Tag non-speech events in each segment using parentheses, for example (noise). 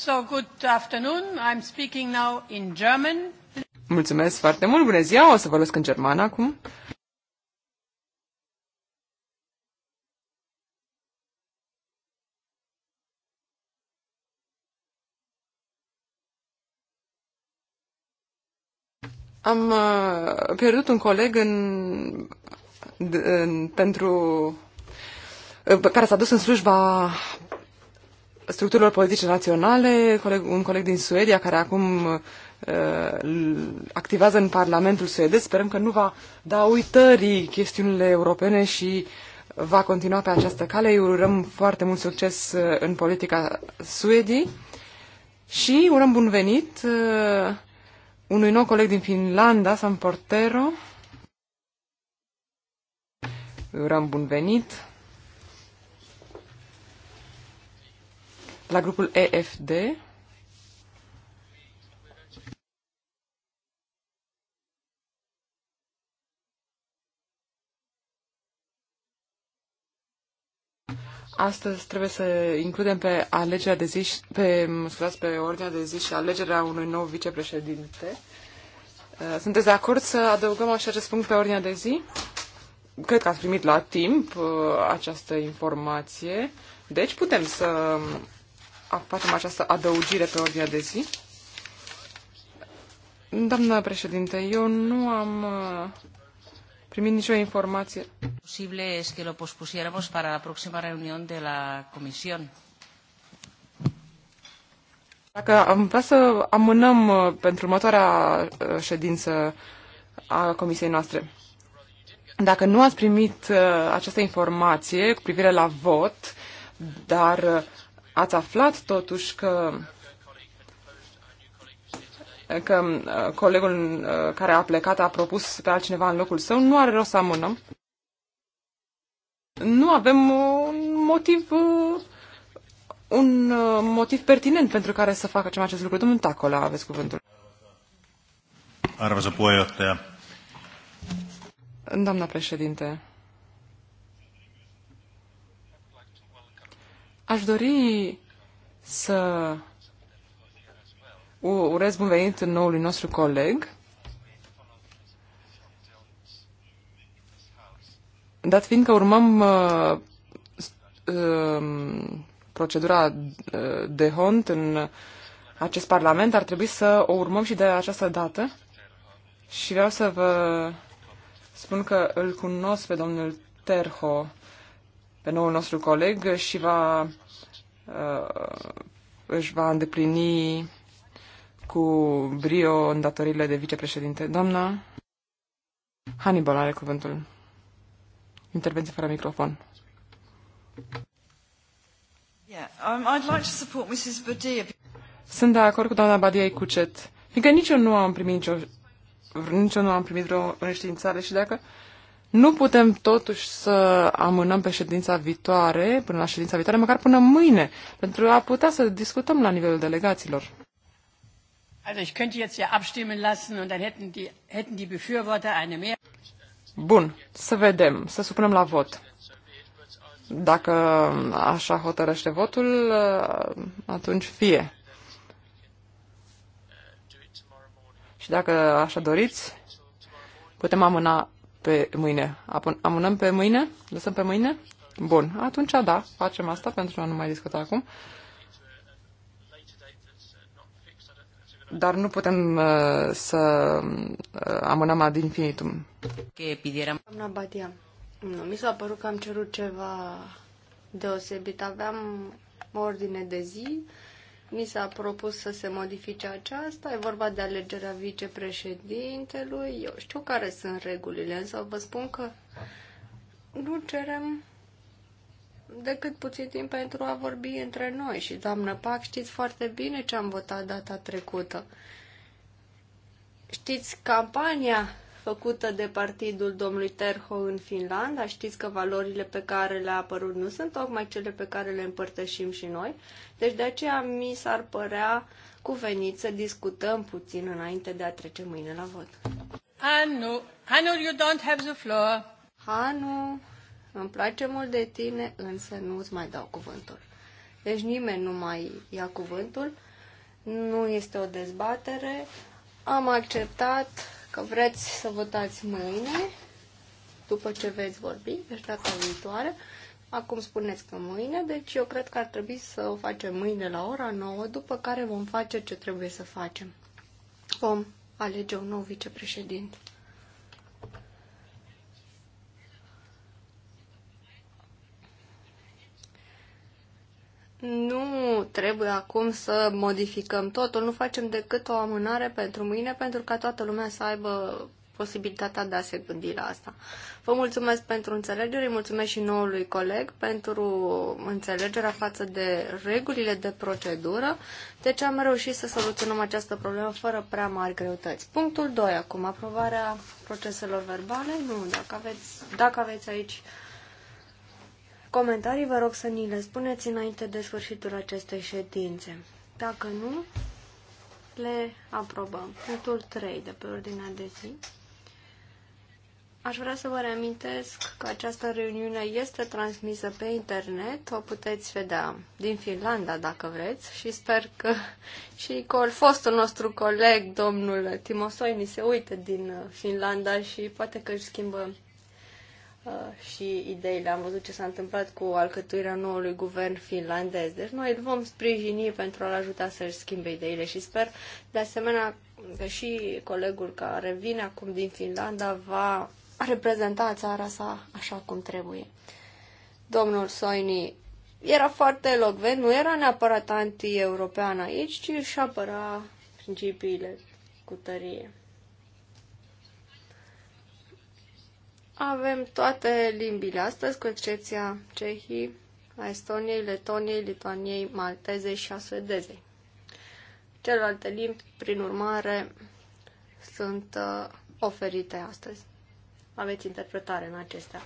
So, good afternoon. I'm speaking now in German. Mulțumesc foarte mult. Bună ziua. O să vorbesc în germană acum. Am uh, pierdut un coleg în, în, pentru uh, care s-a dus în slujba structurilor politice naționale, un coleg din Suedia care acum uh, activează în Parlamentul suedez. Sperăm că nu va da uitării chestiunile europene și va continua pe această cale. Îi urăm foarte mult succes uh, în politica Suediei și urăm bun venit uh, unui nou coleg din Finlanda, San Portero. Îi urăm bun venit. la grupul EFD. Astăzi trebuie să includem pe alegerea de zi, pe, scuzați, pe ordinea de zi și alegerea unui nou vicepreședinte. Uh, sunteți de acord să adăugăm așa acest punct pe ordinea de zi? Cred că ați primit la timp uh, această informație, deci putem să facem această adăugire pe ordinea de zi. Doamna președinte, eu nu am uh, primit nicio informație. Posible es que lo pospusiéramos para la próxima reunión de la comisión. Dacă am vrea să amânăm uh, pentru următoarea uh, ședință a comisiei noastre. Dacă nu ați primit această informație cu privire la vot, dar ați aflat totuși că că uh, colegul uh, care a plecat a propus pe altcineva în locul său, nu are rost să amânăm. Nu avem un motiv uh, un motiv pertinent pentru care să facem acest lucru. Domnul Tacola, aveți cuvântul. Arvăză puiotea. Doamna președinte, Aș dori să urez bun venit noului nostru coleg. Dat fiind că urmăm uh, um, uh, procedura de hont în acest parlament, ar trebui să o urmăm și de această dată. Și vreau să vă spun că îl cunosc pe domnul Terho pe noul nostru coleg și va, uh, își va îndeplini cu brio îndatoririle de vicepreședinte. Doamna Hannibal are cuvântul. Intervenție fără microfon. Um, Sunt de acord cu doamna Badia Cucet, fiindcă nici eu nu am primit nicio, nici eu nu am primit vreo înștiințare și dacă nu putem totuși să amânăm pe ședința viitoare, până la ședința viitoare, măcar până mâine, pentru a putea să discutăm la nivelul delegaților. Also ich könnte jetzt ja abstimmen lassen und dann hätten die, hätten die Befürworter eine mehr. Bun, să vedem, să supunem la vot. Dacă așa hotărăște votul, atunci fie. Și dacă așa doriți, putem amâna pe mâine. amânăm pe mâine? Lăsăm pe mâine? Bun, atunci da, facem asta pentru a nu mai discuta acum. Dar nu putem uh, să uh, amânăm ad infinitum. Doamna Batia, nu, mi s-a părut că am cerut ceva deosebit. Aveam ordine de zi, mi s-a propus să se modifice aceasta, e vorba de alegerea vicepreședintelui, eu știu care sunt regulile, însă vă spun că nu cerem decât puțin timp pentru a vorbi între noi și, doamnă Pac, știți foarte bine ce am votat data trecută. Știți campania făcută de partidul domnului Terho în Finlanda. Știți că valorile pe care le-a apărut nu sunt tocmai cele pe care le împărtășim și noi. Deci de aceea mi s-ar părea cuvenit să discutăm puțin înainte de a trece mâine la vot. Hanu, Hanu, you don't have the floor. Hanu, îmi place mult de tine, însă nu îți mai dau cuvântul. Deci nimeni nu mai ia cuvântul. Nu este o dezbatere. Am acceptat că vreți să votați mâine, după ce veți vorbi, deci data viitoare. Acum spuneți că mâine, deci eu cred că ar trebui să o facem mâine la ora 9, după care vom face ce trebuie să facem. Vom alege un nou vicepreședinte. Nu trebuie acum să modificăm totul, nu facem decât o amânare pentru mâine, pentru ca toată lumea să aibă posibilitatea de a se gândi la asta. Vă mulțumesc pentru înțelegere, îi mulțumesc și noului coleg pentru înțelegerea față de regulile de procedură, deci am reușit să soluționăm această problemă fără prea mari greutăți. Punctul 2 acum, aprobarea proceselor verbale. Nu, dacă aveți, dacă aveți aici comentarii, vă rog să ni le spuneți înainte de sfârșitul acestei ședințe. Dacă nu, le aprobăm. Punctul 3 de pe ordinea de zi. Aș vrea să vă reamintesc că această reuniune este transmisă pe internet, o puteți vedea din Finlanda dacă vreți și sper că și col fostul nostru coleg, domnul Timosoini, se uită din Finlanda și poate că își schimbă Uh, și ideile. Am văzut ce s-a întâmplat cu alcătuirea noului guvern finlandez. Deci noi îl vom sprijini pentru a-l ajuta să-și schimbe ideile și sper de asemenea că și colegul care vine acum din Finlanda va reprezenta țara sa așa cum trebuie. Domnul Soini era foarte elocvent, nu era neapărat anti-european aici, ci își apăra principiile cu tărie. Avem toate limbile astăzi, cu excepția Cehii, a Estoniei, Letoniei, Lituaniei, Maltezei și a Suedezei. Celelalte limbi, prin urmare, sunt uh, oferite astăzi. Aveți interpretare în acestea.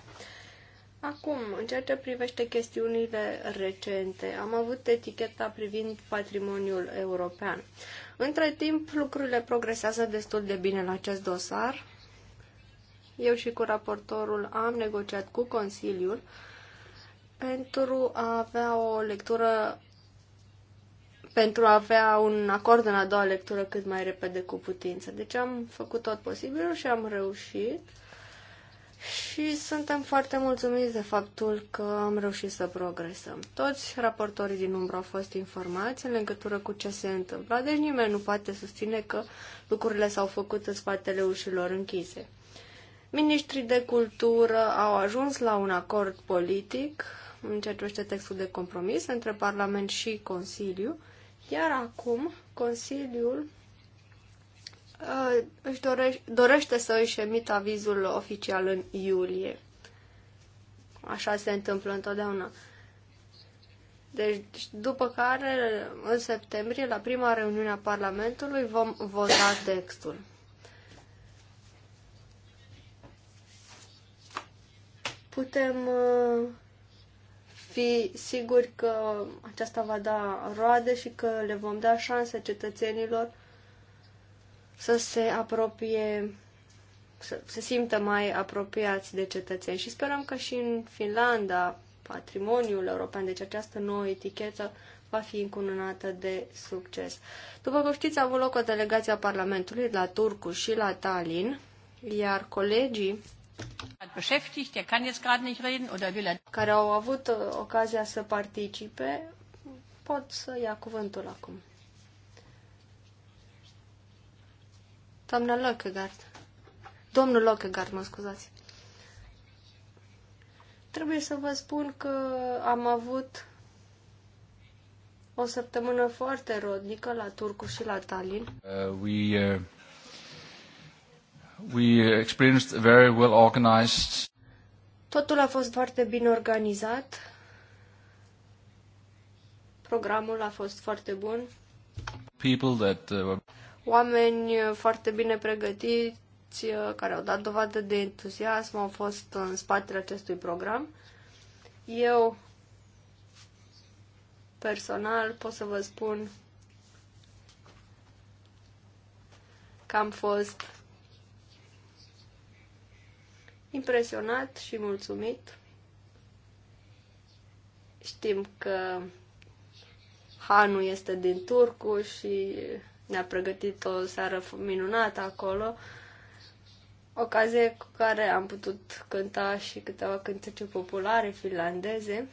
Acum, în ceea ce privește chestiunile recente, am avut eticheta privind patrimoniul european. Între timp, lucrurile progresează destul de bine la acest dosar. Eu și cu raportorul am negociat cu Consiliul pentru a avea o lectură pentru a avea un acord în a doua lectură cât mai repede cu putință. Deci am făcut tot posibilul și am reușit și suntem foarte mulțumiți de faptul că am reușit să progresăm. Toți raportorii din umbră au fost informați în legătură cu ce se întâmplă, deci nimeni nu poate susține că lucrurile s-au făcut în spatele ușilor închise. Ministrii de cultură au ajuns la un acord politic în ceea ce privește textul de compromis între Parlament și Consiliu, iar acum Consiliul uh, își dorește, dorește să își emită avizul oficial în iulie. Așa se întâmplă întotdeauna. Deci, după care, în septembrie, la prima reuniune a Parlamentului, vom vota textul. putem uh, fi siguri că aceasta va da roade și că le vom da șanse cetățenilor să se apropie, să se simtă mai apropiați de cetățeni. Și sperăm că și în Finlanda patrimoniul european, deci această nouă etichetă va fi încununată de succes. După cum știți, a avut loc o delegație a Parlamentului la Turcu și la Tallinn, iar colegii Er- care au avut uh, ocazia să participe, pot să ia cuvântul acum. Doamna Lockegaard. Domnul Lockegaard, mă scuzați. Trebuie să vă spun că am avut o săptămână foarte rodnică la Turcu și la Tallinn. Uh, we, uh... We experienced a very well organized Totul a fost foarte bine organizat. Programul a fost foarte bun. People that uh, were... Oameni uh, foarte bine pregătiți, uh, care au dat dovadă de entuziasm, au fost în spatele acestui program. Eu personal pot să vă spun că am fost impresionat și mulțumit. Știm că Hanu este din Turcu și ne-a pregătit o seară minunată acolo. Ocazie cu care am putut cânta și câteva cântece populare finlandeze.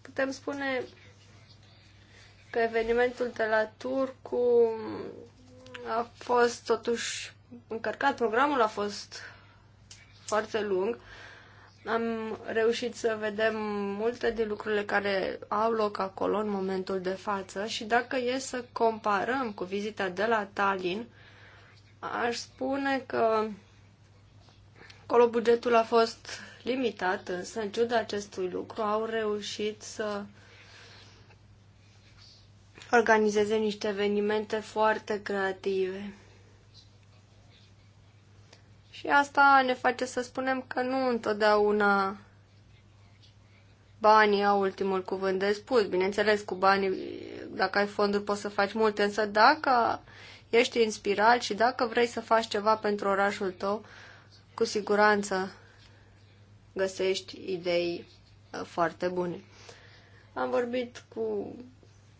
Putem spune că evenimentul de la Turcu a fost totuși încărcat, programul a fost foarte lung. Am reușit să vedem multe din lucrurile care au loc acolo în momentul de față și dacă e să comparăm cu vizita de la Tallinn, aș spune că acolo bugetul a fost limitat, însă în ciuda acestui lucru au reușit să organizeze niște evenimente foarte creative. Și asta ne face să spunem că nu întotdeauna banii au ultimul cuvânt de spus. Bineînțeles, cu banii, dacă ai fonduri, poți să faci multe, însă dacă ești inspirat și dacă vrei să faci ceva pentru orașul tău, cu siguranță găsești idei uh, foarte bune. Am vorbit cu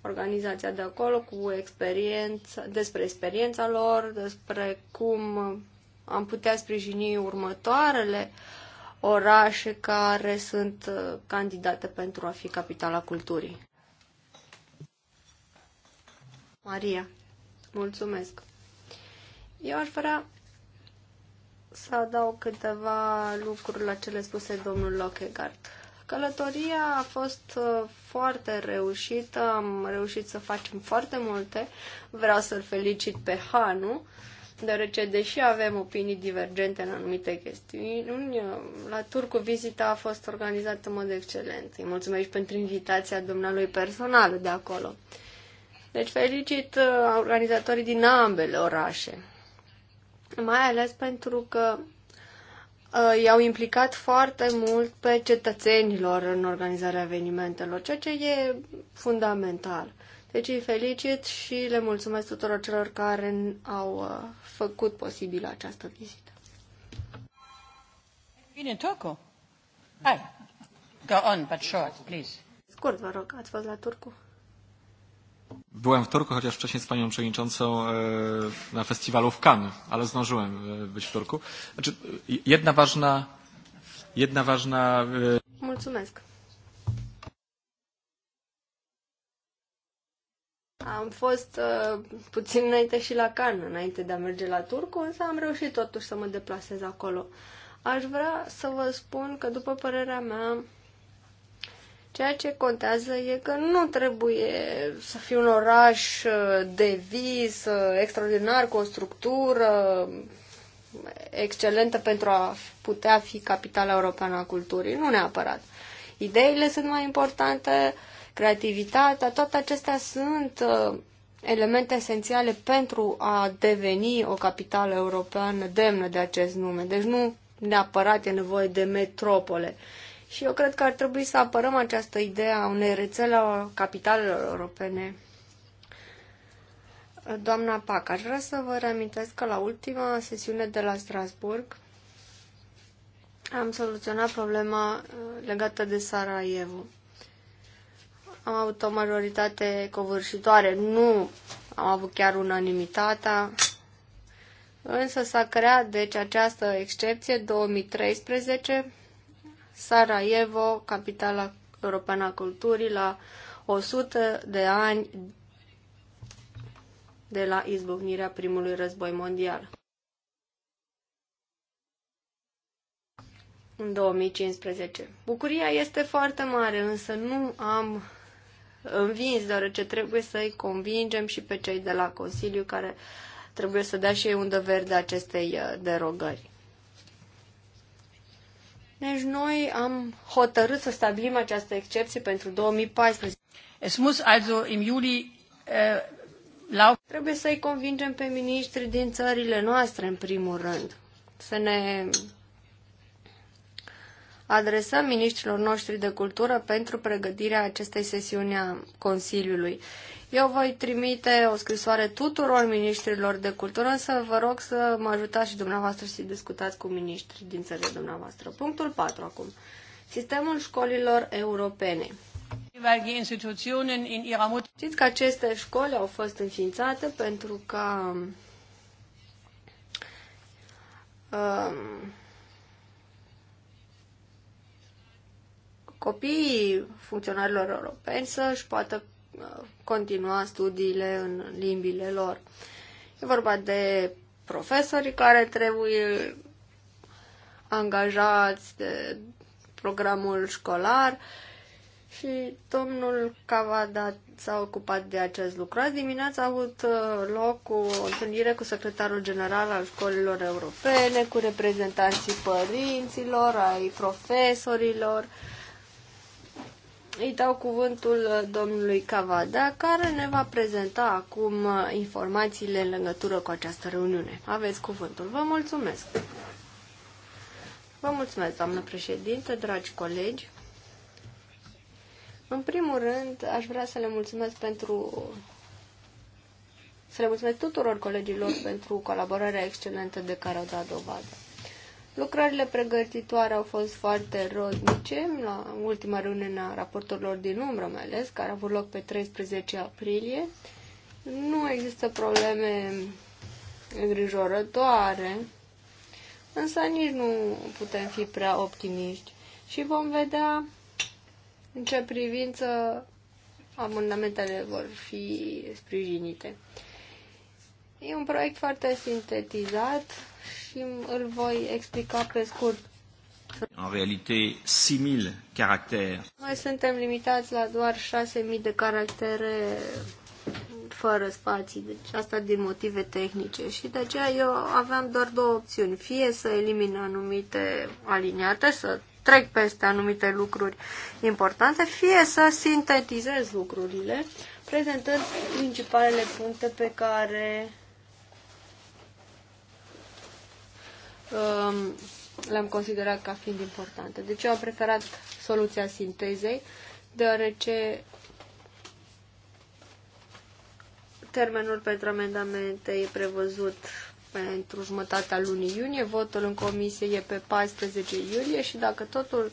organizația de acolo cu experiență, despre experiența lor, despre cum am putea sprijini următoarele orașe care sunt uh, candidate pentru a fi capitala culturii. Maria, mulțumesc. Eu aș vrea să adaug câteva lucruri la cele spuse domnul Lockegaard. Călătoria a fost uh, foarte reușită, am reușit să facem foarte multe. Vreau să-l felicit pe Hanu, deoarece deși avem opinii divergente în anumite chestiuni, uh, la Turcu vizita a fost organizată în mod excelent. Îi mulțumesc pentru invitația dumnealui personal de acolo. Deci felicit uh, organizatorii din ambele orașe. Mai ales pentru că Uh, i-au implicat foarte mult pe cetățenilor în organizarea evenimentelor, ceea ce e fundamental. Deci îi felicit și le mulțumesc tuturor celor care au uh, făcut posibil această vizită. Bine, Turcu. Hai. Go on, but short, please. Scurt, vă rog, ați fost la Turcu. Byłem w Turku, chociaż wcześniej z panią przewodniczącą na festiwalu w Cannes, ale zdążyłem być w Turku. Znaczy, jedna ważna... Jedna ważna... Mulțumesc. Am fost uh, puțin înainte și la Cannes, înainte de a merge la Turcu, însă am reușit totuși să mă deplasez acolo. Aș vrea să vă spun că, după părerea mea, Ceea ce contează e că nu trebuie să fie un oraș uh, de vis, uh, extraordinar, cu o structură excelentă pentru a putea fi capitala europeană a culturii. Nu neapărat. Ideile sunt mai importante, creativitatea, toate acestea sunt uh, elemente esențiale pentru a deveni o capitală europeană demnă de acest nume. Deci nu neapărat e nevoie de metropole. Uh, și eu cred că ar trebui să apărăm această idee a unei rețele a capitalelor europene. Doamna Pac, aș vrea să vă reamintesc că la ultima sesiune de la Strasburg am soluționat problema uh, legată de Sarajevo. Am avut o majoritate covârșitoare, nu am avut chiar unanimitatea, însă s-a creat deci această excepție 2013 Sarajevo, capitala europeană a culturii, la 100 de ani de la izbucnirea primului război mondial. În 2015. Bucuria este foarte mare, însă nu am învins, deoarece trebuie să-i convingem și pe cei de la Consiliu care trebuie să dea și ei undă verde acestei uh, derogări. Deci noi am hotărât să stabilim această excepție pentru 2014. Es muss also im Juli uh, lau... Trebuie să-i convingem pe miniștri din țările noastre, în primul rând, să ne adresăm miniștrilor noștri de cultură pentru pregătirea acestei sesiuni a Consiliului. Eu voi trimite o scrisoare tuturor miniștrilor de cultură, însă vă rog să mă ajutați și dumneavoastră să discutați cu miniștri din țările dumneavoastră. Punctul 4 acum. Sistemul școlilor europene. Știți că aceste școli au fost înființate pentru ca um, copiii funcționarilor europeni să își poată uh, continua studiile în limbile lor. E vorba de profesori care trebuie angajați de programul școlar și domnul Cavada s-a ocupat de acest lucru. Azi dimineața a avut uh, loc o întâlnire cu secretarul general al școlilor europene, cu reprezentanții părinților, ai profesorilor, îi dau cuvântul uh, domnului Cavada, care ne va prezenta acum uh, informațiile în legătură cu această reuniune. Aveți cuvântul. Vă mulțumesc! Vă mulțumesc, doamnă președinte, dragi colegi. În primul rând, aș vrea să le mulțumesc pentru să le mulțumesc tuturor colegilor pentru colaborarea excelentă de care au dat dovadă. Lucrările pregătitoare au fost foarte rodnice la ultima reuniune a raportorilor din umbră, mai ales, care a avut loc pe 13 aprilie. Nu există probleme îngrijorătoare, însă nici nu putem fi prea optimiști și vom vedea în ce privință amendamentele vor fi sprijinite. E un proiect foarte sintetizat, și îl voi explica pe scurt. În realitate, 6000 caractere. Noi suntem limitați la doar 6000 de caractere fără spații, deci asta din motive tehnice și de aceea eu aveam doar două opțiuni, fie să elimin anumite aliniate, să trec peste anumite lucruri importante, fie să sintetizez lucrurile, prezentând principalele puncte pe care um, le-am considerat ca fiind importante. Deci eu am preferat soluția sintezei, deoarece termenul pentru amendamente e prevăzut pentru jumătatea lunii iunie, votul în comisie e pe 14 iulie și dacă totul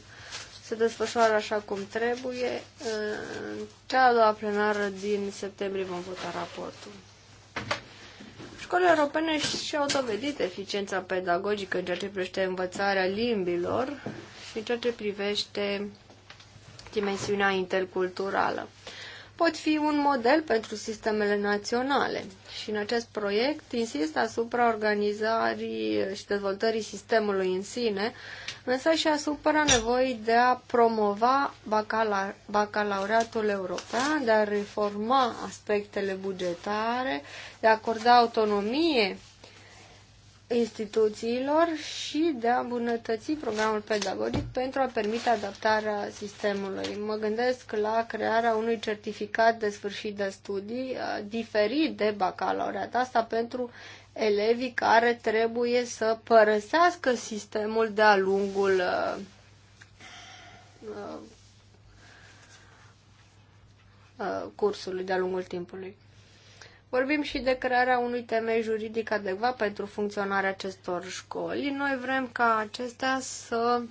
se desfășoară așa cum trebuie, în cea a doua plenară din septembrie vom vota raportul. Școlile europene și-au dovedit eficiența pedagogică în ceea ce privește învățarea limbilor și în ceea ce privește dimensiunea interculturală. Pot fi un model pentru sistemele naționale și în acest proiect insist asupra organizării și dezvoltării sistemului în sine, însă și asupra nevoii de a promova bacala- bacalaureatul european, de a reforma aspectele bugetare, de a acorda autonomie instituțiilor și de a îmbunătăți programul pedagogic pentru a permite adaptarea sistemului. Mă gândesc la crearea unui certificat de sfârșit de studii uh, diferit de bacalaureat. Asta pentru elevii care trebuie să părăsească sistemul de-a lungul uh, uh, cursului, de-a lungul timpului. Vorbim și de crearea unui temei juridic adecvat pentru funcționarea acestor școli. Noi vrem ca acestea să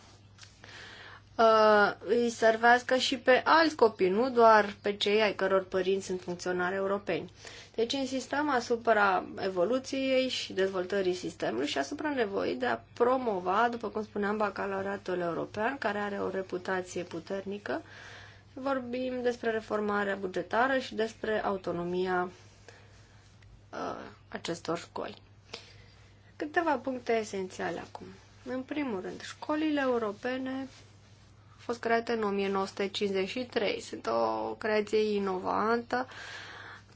uh, îi servească și pe alți copii, nu doar pe cei ai căror părinți sunt funcționari europeni. Deci insistăm asupra evoluției și dezvoltării sistemului și asupra nevoii de a promova, după cum spuneam, bacalaureatul european, care are o reputație puternică. Vorbim despre reformarea bugetară și despre autonomia acestor școli. Câteva puncte esențiale acum. În primul rând, școlile europene au fost create în 1953. Sunt o creație inovantă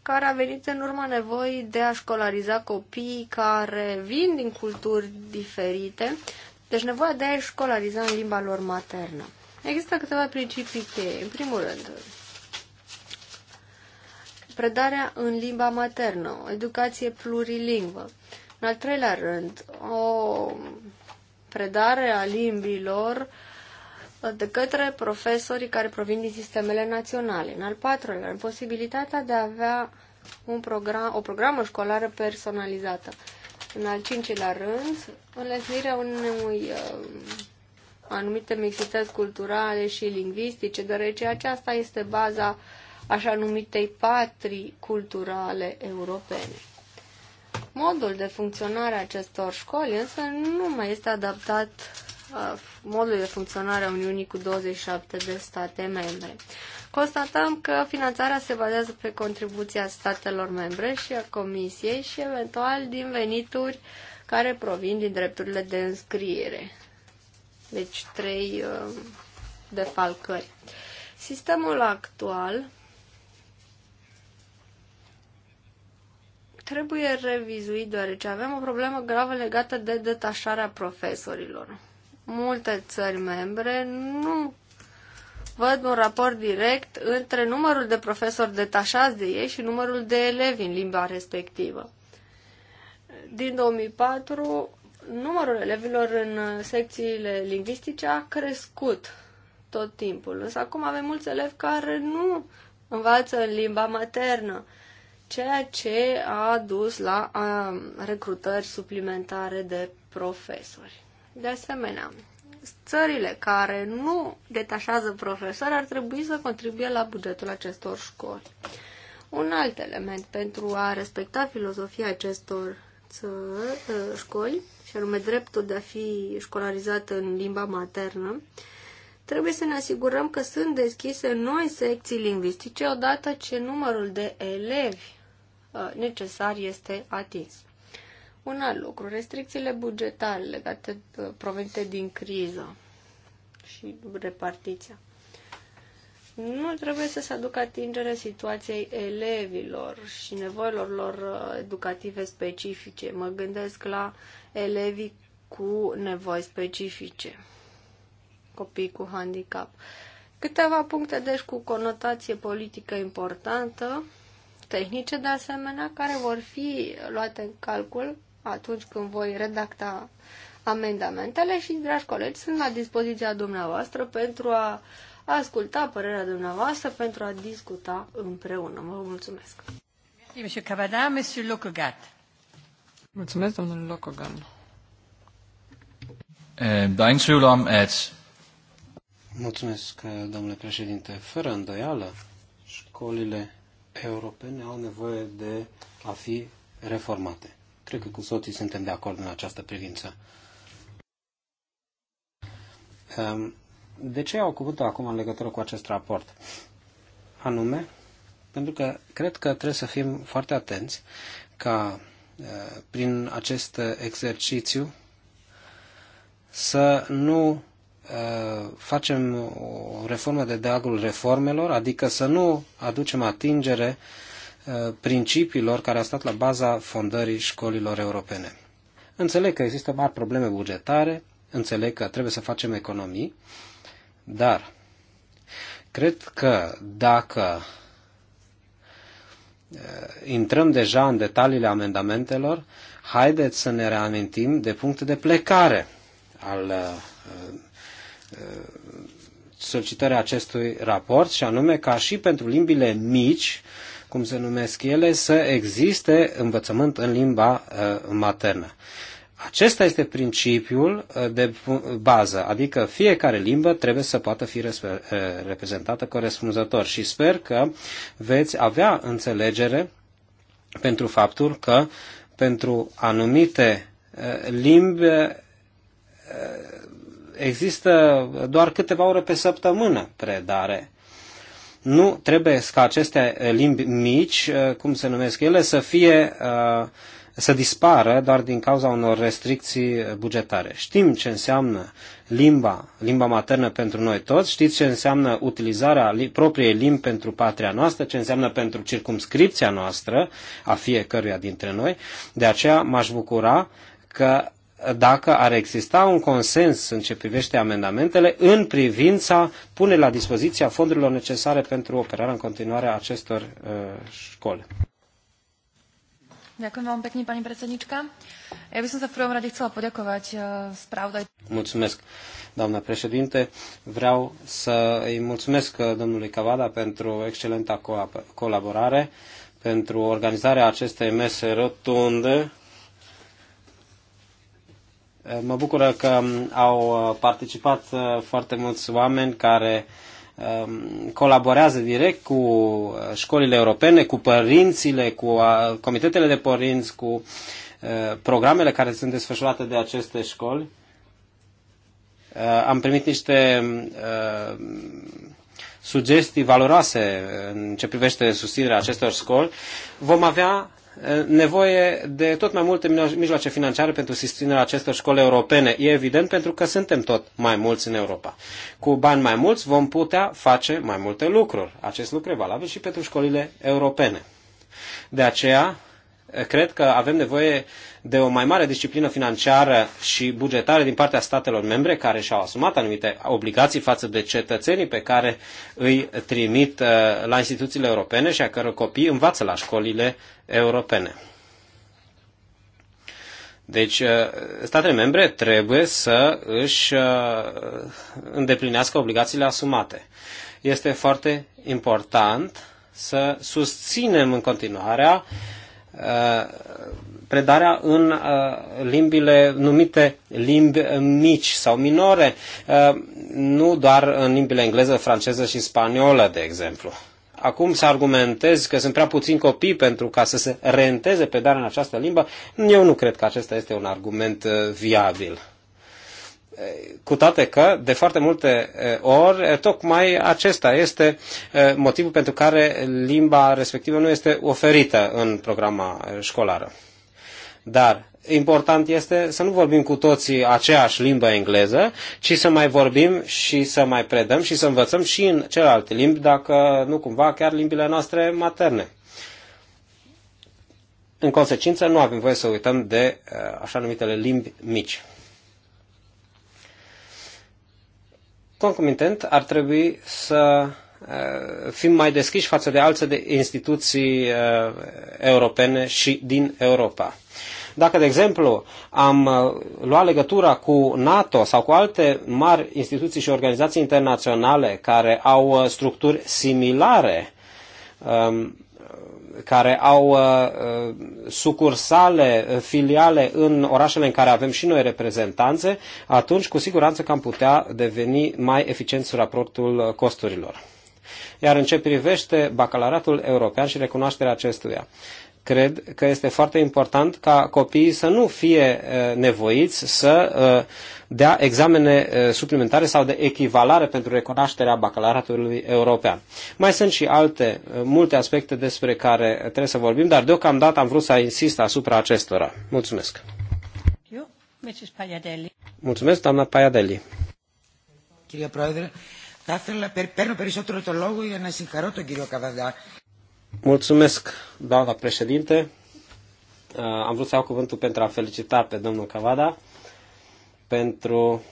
care a venit în urma nevoii de a școlariza copiii care vin din culturi diferite, deci nevoia de a școlariza în limba lor maternă. Există câteva principii cheie. În primul rând, predarea în limba maternă, o educație plurilingvă. În al treilea rând, o predare a limbilor de către profesorii care provin din sistemele naționale. În al patrulea rând, posibilitatea de a avea un program, o programă școlară personalizată. În al cincilea rând, înlesnirea unui uh, anumite mixități culturale și lingvistice, deoarece aceasta este baza uh, așa numitei patrii culturale europene. Modul de funcționare a acestor școli însă nu mai este adaptat modului de funcționare a Uniunii cu 27 de state membre. Constatăm că finanțarea se bazează pe contribuția statelor membre și a Comisiei și eventual din venituri care provin din drepturile de înscriere. Deci trei defalcări. Sistemul actual trebuie revizuit deoarece avem o problemă gravă legată de detașarea profesorilor. Multe țări membre nu văd un raport direct între numărul de profesori detașați de ei și numărul de elevi în limba respectivă. Din 2004, numărul elevilor în secțiile lingvistice a crescut tot timpul, însă acum avem mulți elevi care nu învață în limba maternă ceea ce a dus la a, recrutări suplimentare de profesori. De asemenea, țările care nu detașează profesori ar trebui să contribuie la bugetul acestor școli. Un alt element pentru a respecta filozofia acestor țări, ă, școli, și anume dreptul de a fi școlarizat în limba maternă, trebuie să ne asigurăm că sunt deschise noi secții lingvistice odată ce numărul de elevi Uh, necesar este atins. Un alt lucru, restricțiile bugetare legate uh, provenite din criză și repartiția. Nu trebuie să se aducă atingere situației elevilor și nevoilor lor uh, educative specifice. Mă gândesc la elevii cu nevoi specifice, copii cu handicap. Câteva puncte, deci, cu conotație politică importantă tehnice, de asemenea, care vor fi luate în calcul atunci când voi redacta amendamentele și, dragi colegi, sunt la dispoziția dumneavoastră pentru a asculta părerea dumneavoastră, pentru a discuta împreună. Vă mulțumesc! Mulțumesc, domnule Locogan. Eh, der er ingen Mulțumesc, eh, domnule președinte. Fără îndoială, școlile europene au nevoie de a fi reformate. Cred că cu soții suntem de acord în această privință. Ehm, de ce iau cuvântul acum în legătură cu acest raport? Anume, pentru că cred că trebuie să fim foarte atenți ca eh, prin acest exercițiu să nu facem o reformă de dragul reformelor, adică să nu aducem atingere uh, principiilor care au stat la baza fondării școlilor europene. Înțeleg că există mari probleme bugetare, înțeleg că trebuie să facem economii, dar cred că dacă uh, intrăm deja în detaliile amendamentelor, haideți să ne reamintim de punct de plecare al uh, solicitarea acestui raport, și anume ca și pentru limbile mici, cum se numesc ele, să existe învățământ în limba uh, maternă. Acesta este principiul uh, de bază, adică fiecare limbă trebuie să poată fi uh, reprezentată corespunzător și sper că veți avea înțelegere pentru faptul că pentru anumite limbi există doar câteva ore pe săptămână predare. Nu trebuie ca aceste limbi mici, uh, cum se numesc ele, să fie uh, să dispară doar din cauza unor restricții bugetare. Știm ce înseamnă limba, limba maternă pentru noi toți, știți ce înseamnă utilizarea propriei limbi pentru patria noastră, ce înseamnă pentru circumscripția noastră, a fiecăruia dintre noi. De aceea m-aș bucura că dacă ar exista un consens în ce privește amendamentele în privința pune la dispoziția fondurilor necesare pentru operarea în continuare a acestor uh, școli. Ďakujem veľmi pekne, pani predsednička. Ja by som sa v prvom rade chcela poďakovať uh, spravodaj. Mulțumesc, doamna președinte. Vreau să îi mulțumesc uh, domnului Cavada pentru excelenta colaborare, pentru organizarea acestei mese rotunde Mă bucură că um, au uh, participat uh, foarte mulți oameni care um, colaborează direct cu uh, școlile europene, cu părințile, cu comitetele de părinți, cu programele care sunt desfășurate de aceste școli. Am primit niște um, sugestii valoroase în ce privește susținerea acestor școli. Vom avea nevoie de tot mai multe mijloace financiare pentru susținerea acestor școli europene. E evident pentru că suntem tot mai mulți în Europa. Cu bani mai mulți vom putea face mai multe lucruri. Acest lucru e valabil și pentru școlile europene. De aceea, cred că avem nevoie de o mai mare disciplină financiară și bugetară din partea statelor membre care și-au asumat anumite obligații față de cetățenii pe care îi trimit uh, la instituțiile europene și a căror copii învață la școlile europene. Deci, uh, statele membre trebuie să își uh, îndeplinească obligațiile asumate. Este foarte important să susținem în continuarea predarea în uh, limbile numite limbi mici sau minore, uh, nu doar în limbile engleză, franceză și spaniolă, de exemplu. Acum să argumentez că sunt prea puțini copii pentru ca să se reenteze dar în această limbă, eu nu cred că acesta este un argument uh, viabil cu toate că, de foarte multe ori, tocmai acesta este motivul pentru care limba respectivă nu este oferită în programa școlară. Dar important este să nu vorbim cu toții aceeași limbă engleză, ci să mai vorbim și să mai predăm și să învățăm și în celelalte limbi, dacă nu cumva chiar limbile noastre materne. În consecință, nu avem voie să uităm de uh, așa numitele limbi mici. Concomitent, ar trebui să Uh, fim mai deschiși față de alte de instituții uh, europene și din Europa. Dacă, de exemplu, am uh, luat legătura cu NATO sau cu alte mari instituții și organizații internaționale care au structuri similare, um, care au sucursale, filiale în orașele în care avem și noi reprezentanțe, atunci cu siguranță că am putea deveni mai eficienți în raportul costurilor iar în ce privește bacalaratul european și recunoașterea acestuia cred că este foarte important ca copiii să nu fie nevoiți să dea examene suplimentare sau de echivalare pentru recunoașterea bacalaratului european. Mai sunt și alte, multe aspecte despre care trebuie să vorbim, dar deocamdată am vrut să insist asupra acestora. Mulțumesc! Mulțumesc, doamna Paiadeli. Chiria Praedere. Θα ήθελα παίρνω περισσότερο το λόγο για να συγχαρώ τον κύριο Καβαδά. Mulțumesc, doamna președinte. Uh, am vrut să iau cuvântul pentru a felicita pe domnul Cavada pentru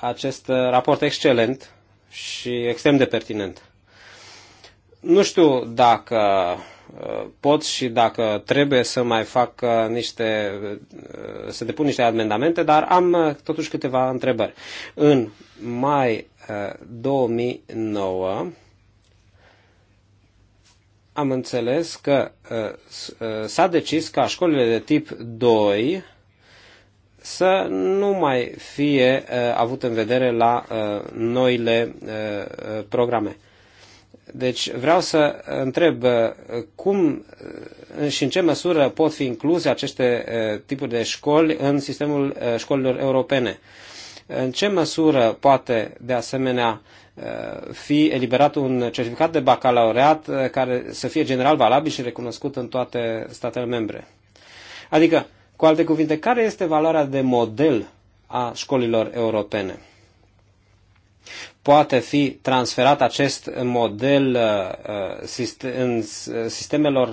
acest uh, raport excelent și extrem de pertinent. Nu știu dacă uh, pot și dacă trebuie să mai fac niște, să depun niște amendamente, dar am totuși câteva întrebări. În mai 2009 am înțeles că uh, uh, s-a decis ca școlile de tip 2 să nu mai fie uh, avut în vedere la noile programe. Deci vreau să întreb cum și în ce măsură pot fi incluse aceste tipuri de școli în sistemul școlilor europene în ce măsură poate de asemenea uh, fi eliberat un certificat de bacalaureat uh, care să fie general valabil și recunoscut în toate statele membre. Adică, cu alte cuvinte, care este valoarea de model a școlilor europene? Poate fi transferat acest model uh, în, sistemelor,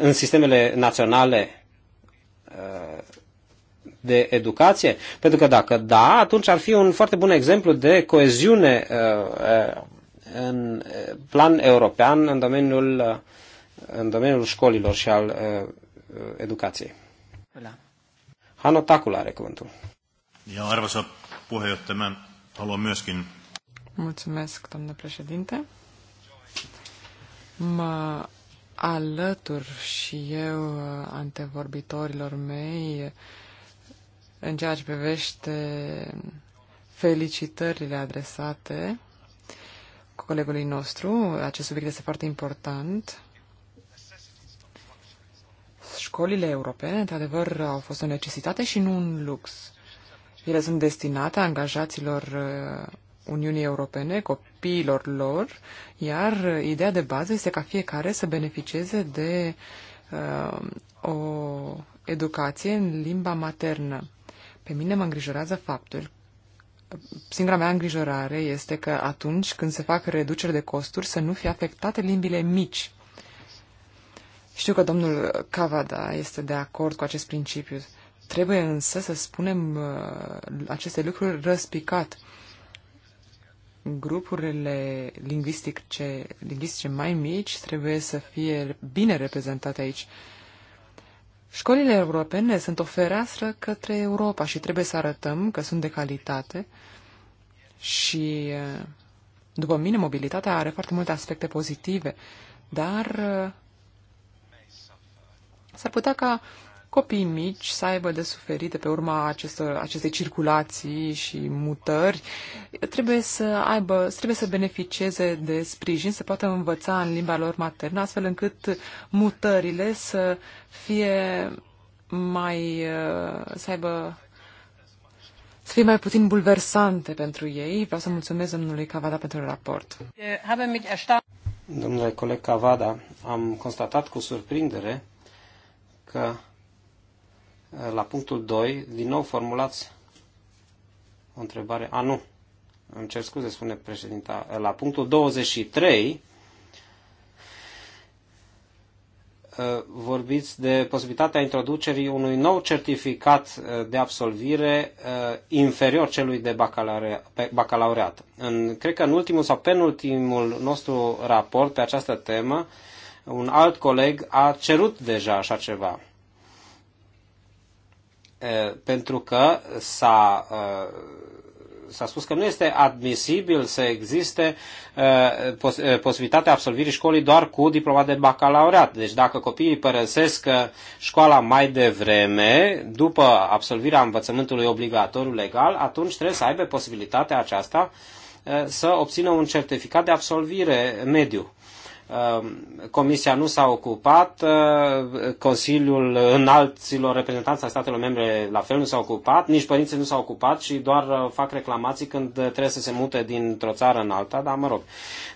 în sistemele naționale de educație? Pentru că dacă da, atunci ar fi un foarte bun exemplu de coeziune uh, uh, în uh, plan european în domeniul, în domeniul școlilor și al educației. Hanno Takula are cuvântul. Ja arvoisa puheenjohtaja, mä haluan myöskin... Mulțumesc, domnule președinte. Mă alătur și eu antevorbitorilor mei în ceea ce privește felicitările adresate colegului nostru, acest subiect este foarte important. Școlile europene, într-adevăr, au fost o necesitate și nu un lux. Ele sunt destinate angajaților uh, Uniunii Europene, copiilor lor, iar ideea de bază este ca fiecare să beneficieze de uh, o educație în limba maternă. Pe mine mă îngrijorează faptul singura mea îngrijorare este că atunci când se fac reduceri de costuri să nu fie afectate limbile mici. Știu că domnul Cavada este de acord cu acest principiu. Trebuie însă să spunem uh, aceste lucruri răspicat. Grupurile lingvistice, lingvistice mai mici trebuie să fie bine reprezentate aici. Uh, Școlile europene sunt o fereastră către Europa și trebuie să arătăm că sunt de calitate și, după mine, mobilitatea are foarte multe aspecte pozitive, dar uh, s-ar putea ca copiii mici să aibă de suferit de pe urma acestor, acestei circulații și mutări, trebuie să aibă, trebuie să beneficieze de sprijin, să poată învăța în limba lor maternă, astfel încât mutările să fie mai, uh, să aibă să fie mai puțin bulversante pentru ei. Vreau să mulțumesc domnului Cavada pentru raport. Domnule coleg Cavada, am constatat cu surprindere că la punctul 2, din nou formulați o întrebare. A, nu. Îmi cer scuze, spune președinta. La punctul 23, ă, vorbiți de posibilitatea introducerii unui nou certificat ă, de absolvire ă, inferior celui de bacalaureat. În, cred că în ultimul sau penultimul nostru raport pe această temă, un alt coleg a cerut deja așa ceva pentru că s-a, s-a spus că nu este admisibil să existe pos posibilitatea absolvirii școlii doar cu diploma de bacalaureat. Deci dacă copiii părăsesc școala mai devreme, după absolvirea învățământului obligatoriu legal, atunci trebuie să aibă posibilitatea aceasta să obțină un certificat de absolvire mediu. Um, Comisia nu s-a ocupat, uh, Consiliul înalților reprezentanți a statelor membre la fel nu s-a ocupat, nici părinții nu s-au ocupat și doar uh, fac reclamații când uh, trebuie să se mute dintr-o țară în alta, dar mă rog.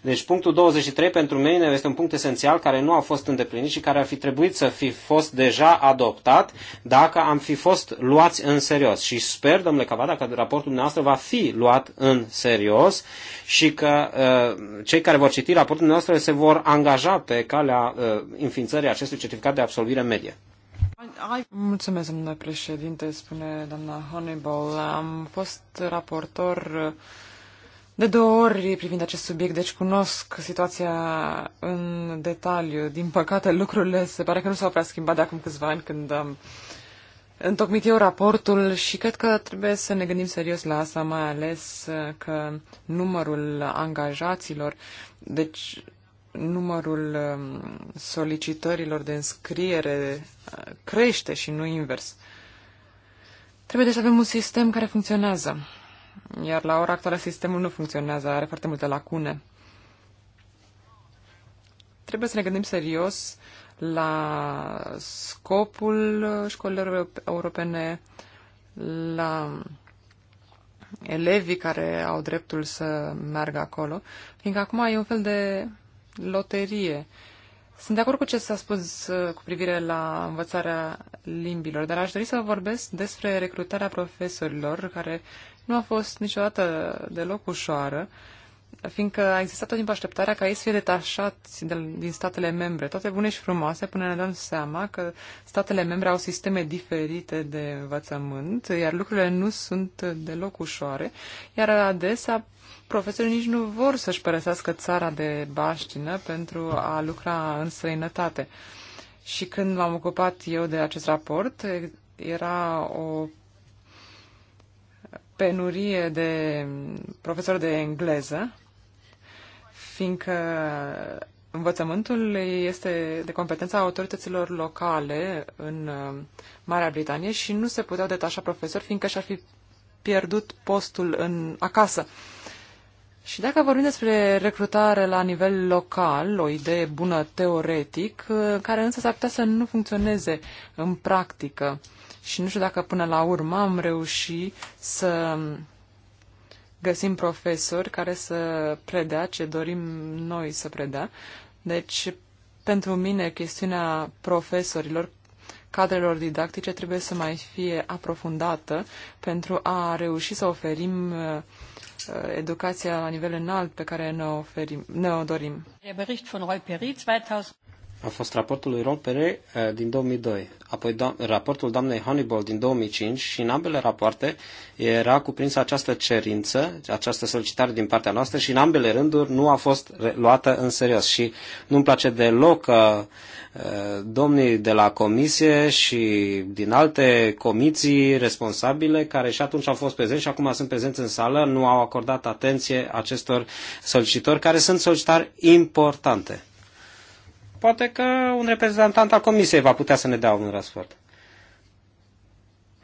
Deci punctul 23 pentru mine este un punct esențial care nu a fost îndeplinit și care ar fi trebuit să fi fost deja adoptat dacă am fi fost luați în serios. Și sper, domnule Cavada, că raportul dumneavoastră va fi luat în serios și că uh, cei care vor citi raportul dumneavoastră se vor vor angaja pe calea uh, înființării acestui certificat de absolvire medie. Mulțumesc, domnule președinte, spune doamna Honeyball. Am fost raportor uh, de două ori privind acest subiect, deci cunosc situația în detaliu. Din păcate, lucrurile se pare că nu s-au prea schimbat de acum câțiva ani când am întocmit eu raportul și cred că trebuie să ne gândim serios la asta, mai ales uh, că numărul angajaților, deci numărul um, solicitărilor de înscriere uh, crește și nu invers. Trebuie deci să avem un sistem care funcționează. Iar la ora actuală sistemul nu funcționează, are foarte multe lacune. Trebuie să ne gândim serios la scopul școlilor europene, la elevii care au dreptul să meargă acolo, fiindcă acum e un fel de loterie. Sunt de acord cu ce s-a spus uh, cu privire la învățarea limbilor, dar aș dori să vorbesc despre recrutarea profesorilor, care nu a fost niciodată deloc ușoară fiindcă a existat tot timpul așteptarea ca ei să fie detașați de, din statele membre. Toate bune și frumoase, până ne dăm seama că statele membre au sisteme diferite de învățământ, iar lucrurile nu sunt deloc ușoare, iar adesea profesorii nici nu vor să-și părăsească țara de baștină pentru a lucra în străinătate. Și când m-am ocupat eu de acest raport, era o penurie de profesori de engleză fiindcă învățământul este de competența autorităților locale în uh, Marea Britanie și nu se puteau detașa profesori, fiindcă și-ar fi pierdut postul în acasă. Și dacă vorbim despre recrutare la nivel local, o idee bună teoretic, uh, care însă s-ar putea să nu funcționeze în practică. Și nu știu dacă până la urmă am reușit să găsim profesori care să predea ce dorim noi să predea. Deci, pentru mine, chestiunea profesorilor, cadrelor didactice trebuie să mai fie aprofundată pentru a reuși să oferim uh, educația la nivel înalt pe care ne, oferim, ne o dorim a fost raportul lui Perry eh, din 2002, apoi do- raportul doamnei Honeyball din 2005 și în ambele rapoarte era cuprinsă această cerință, această solicitare din partea noastră și în ambele rânduri nu a fost luată în serios. Și nu-mi place deloc că eh, domnii de la comisie și din alte comisii responsabile, care și atunci au fost prezenți și acum sunt prezenți în sală, nu au acordat atenție acestor solicitări, care sunt solicitări importante. Poate că un reprezentant al Comisiei va putea să ne dea un răspuns.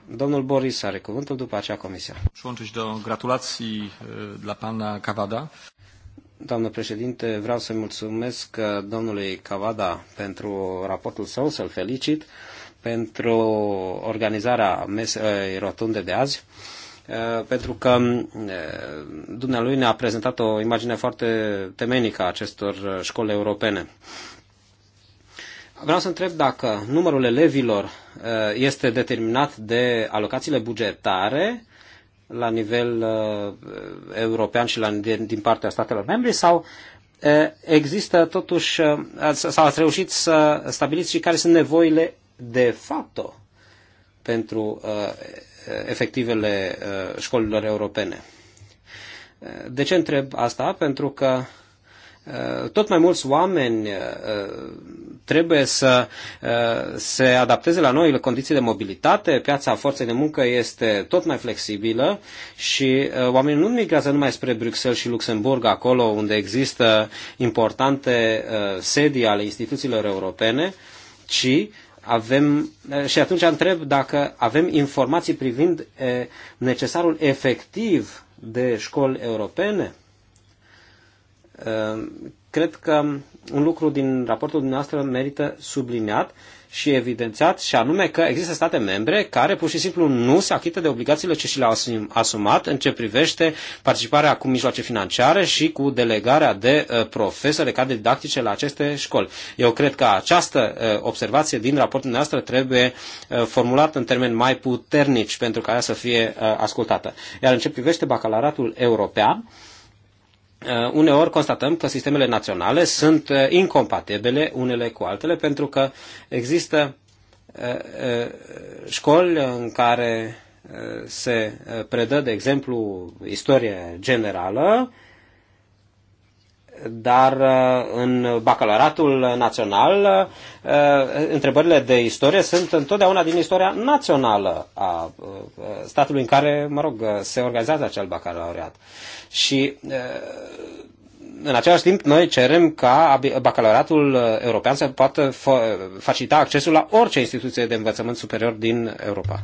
Domnul Boris are cuvântul după acea comisia. Przyłączyć do gratulații eh, la pana Cavada. Doamnă președinte, vreau să mulțumesc eh, domnului Cavada pentru raportul său, să-l felicit pentru organizarea mesei eh, rotunde de azi, pentru că dumnealui ne-a prezentat o imagine foarte temenică a acestor școli europene Vreau să întreb dacă numărul elevilor eh, este determinat de alocațiile bugetare la nivel eh, european și la, din partea statelor membri sau eh, există totuși, sau ați reușit să stabiliți și care sunt nevoile de fapt pentru efectivele școlilor europene. De ce întreb asta? Pentru că Eh, tot mai mulți oameni eh, eh, trebuie să se adapteze la noile condiții de mobilitate, piața forței de muncă este tot mai flexibilă și oamenii nu migrează numai spre Bruxelles și Luxemburg, acolo unde există importante sedii ale instituțiilor europene, ci avem, și atunci întreb dacă avem informații privind necesarul efectiv de școli europene Ehm, cred că un lucru din raportul dumneavoastră merită subliniat și evidențiat, și anume că există state membre care pur și simplu nu se achită de obligațiile ce și le-au asumat în ce privește participarea cu mijloace financiare și cu delegarea de eh, profesori de cadre didactice la aceste școli. Eu cred că această eh, observație din raportul noastră trebuie eh, formulată în termeni mai puternici pentru ca ea să fie ascultată. Iar în ce privește bacalaratul european, Uh, uneori constatăm că sistemele naționale sunt uh, incompatibile unele cu altele pentru că există uh, școli în care se predă, de exemplu, istorie generală dar uh, în bacalaratul național uh, întrebările de istorie sunt întotdeauna din istoria națională a uh, statului în care, mă rog, se organizează acel bacalaureat. Și în același timp, noi cerem ca bacalaureatul european să poată facilita accesul la orice instituție de învățământ superior din Europa.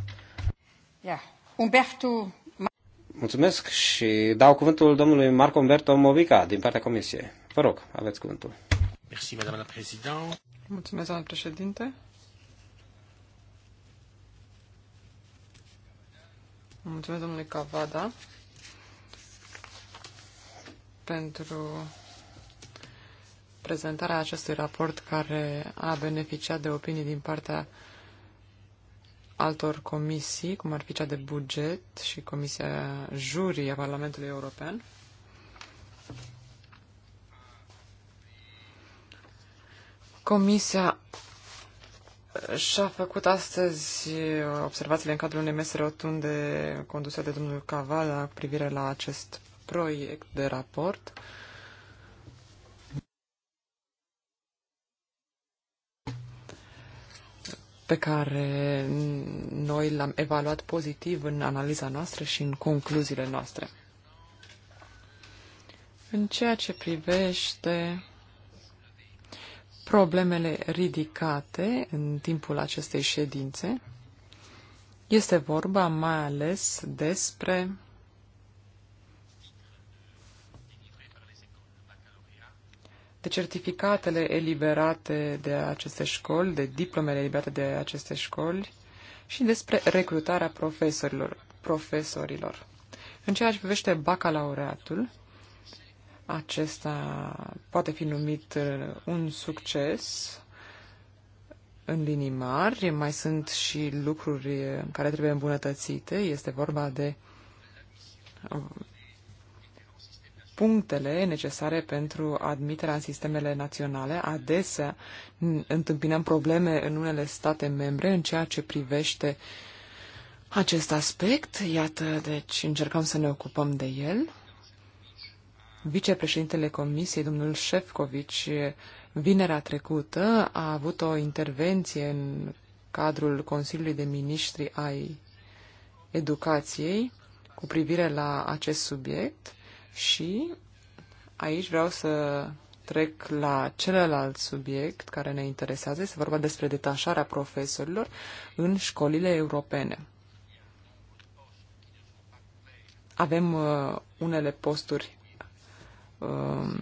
Yeah. Umberto Mulțumesc și dau cuvântul domnului Marco Umberto Movica din partea Comisiei. Vă rog, aveți cuvântul. Merci, madame la présidente. Mulțumesc, domnule președinte. Mulțumesc, domnule Cavada, pentru prezentarea acestui raport care a beneficiat de opinii din partea uh, altor comisii, cum ar fi cea de buget și Comisia Jurii a Parlamentului European. Comisia și-a făcut astăzi uh, observațiile în cadrul unei mese rotunde conduse de domnul Cavala cu privire la acest proiect de raport. pe care noi l-am evaluat pozitiv în analiza noastră și în concluziile noastre. În ceea ce privește problemele ridicate în timpul acestei ședințe, este vorba mai ales despre de certificatele eliberate de aceste școli, de diplomele eliberate de aceste școli și despre recrutarea profesorilor. profesorilor. În ceea ce privește bacalaureatul, acesta poate fi numit uh, un succes în linii mari, mai sunt și lucruri uh, care trebuie îmbunătățite. Este vorba de uh, punctele necesare pentru admiterea în sistemele naționale. Adesea întâmpinăm probleme în unele state membre în ceea ce privește acest aspect. Iată, deci încercăm să ne ocupăm de el. Vicepreședintele Comisiei, domnul Șefcovici, vinerea trecută a avut o intervenție în cadrul Consiliului de Ministri ai Educației cu privire la acest subiect și aici vreau să trec la celălalt subiect care ne interesează. Este vorba despre detașarea profesorilor în școlile europene. Avem uh, unele posturi uh,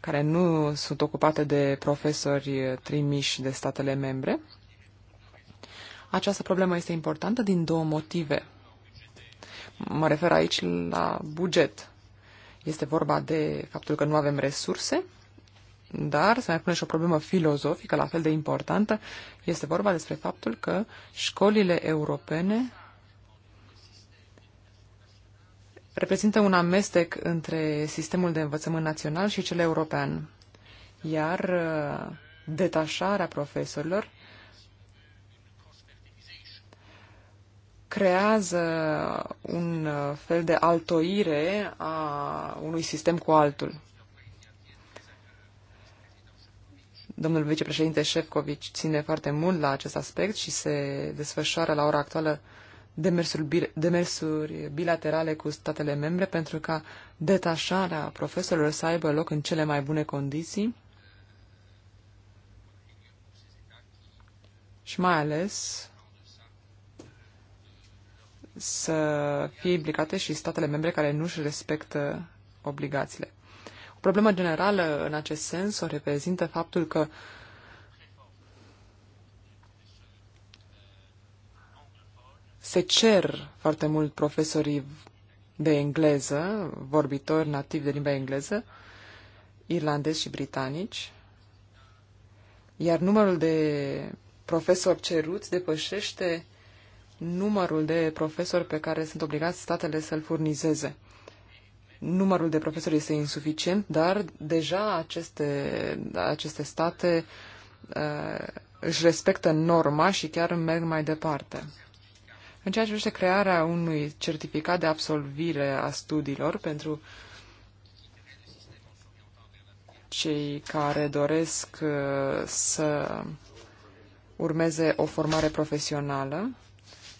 care nu sunt ocupate de profesori trimiși de statele membre. Această problemă este importantă din două motive. Mă refer aici la buget. Este vorba de faptul că nu avem resurse, dar se mai pune și o problemă filozofică la fel de importantă. Este vorba despre faptul că școlile europene reprezintă un amestec între sistemul de învățământ național și cel european. Iar uh, detașarea profesorilor creează un uh, fel de altoire a unui sistem cu altul. Domnul vicepreședinte Șefcovici ține foarte mult la acest aspect și se desfășoară la ora actuală demersuri, demersuri bilaterale cu statele membre pentru ca detașarea profesorilor să aibă loc în cele mai bune condiții și mai ales să fie implicate și statele membre care nu își respectă obligațiile. O problemă generală în acest sens o reprezintă faptul că se cer foarte mult profesorii de engleză, vorbitori nativi de limba engleză, irlandezi și britanici, iar numărul de profesori ceruți depășește numărul de profesori pe care sunt obligați statele să-l furnizeze. Numărul de profesori este insuficient, dar deja aceste, aceste state uh, își respectă norma și chiar merg mai departe. În ceea ce privește crearea unui certificat de absolvire a studiilor pentru cei care doresc uh, să urmeze o formare profesională,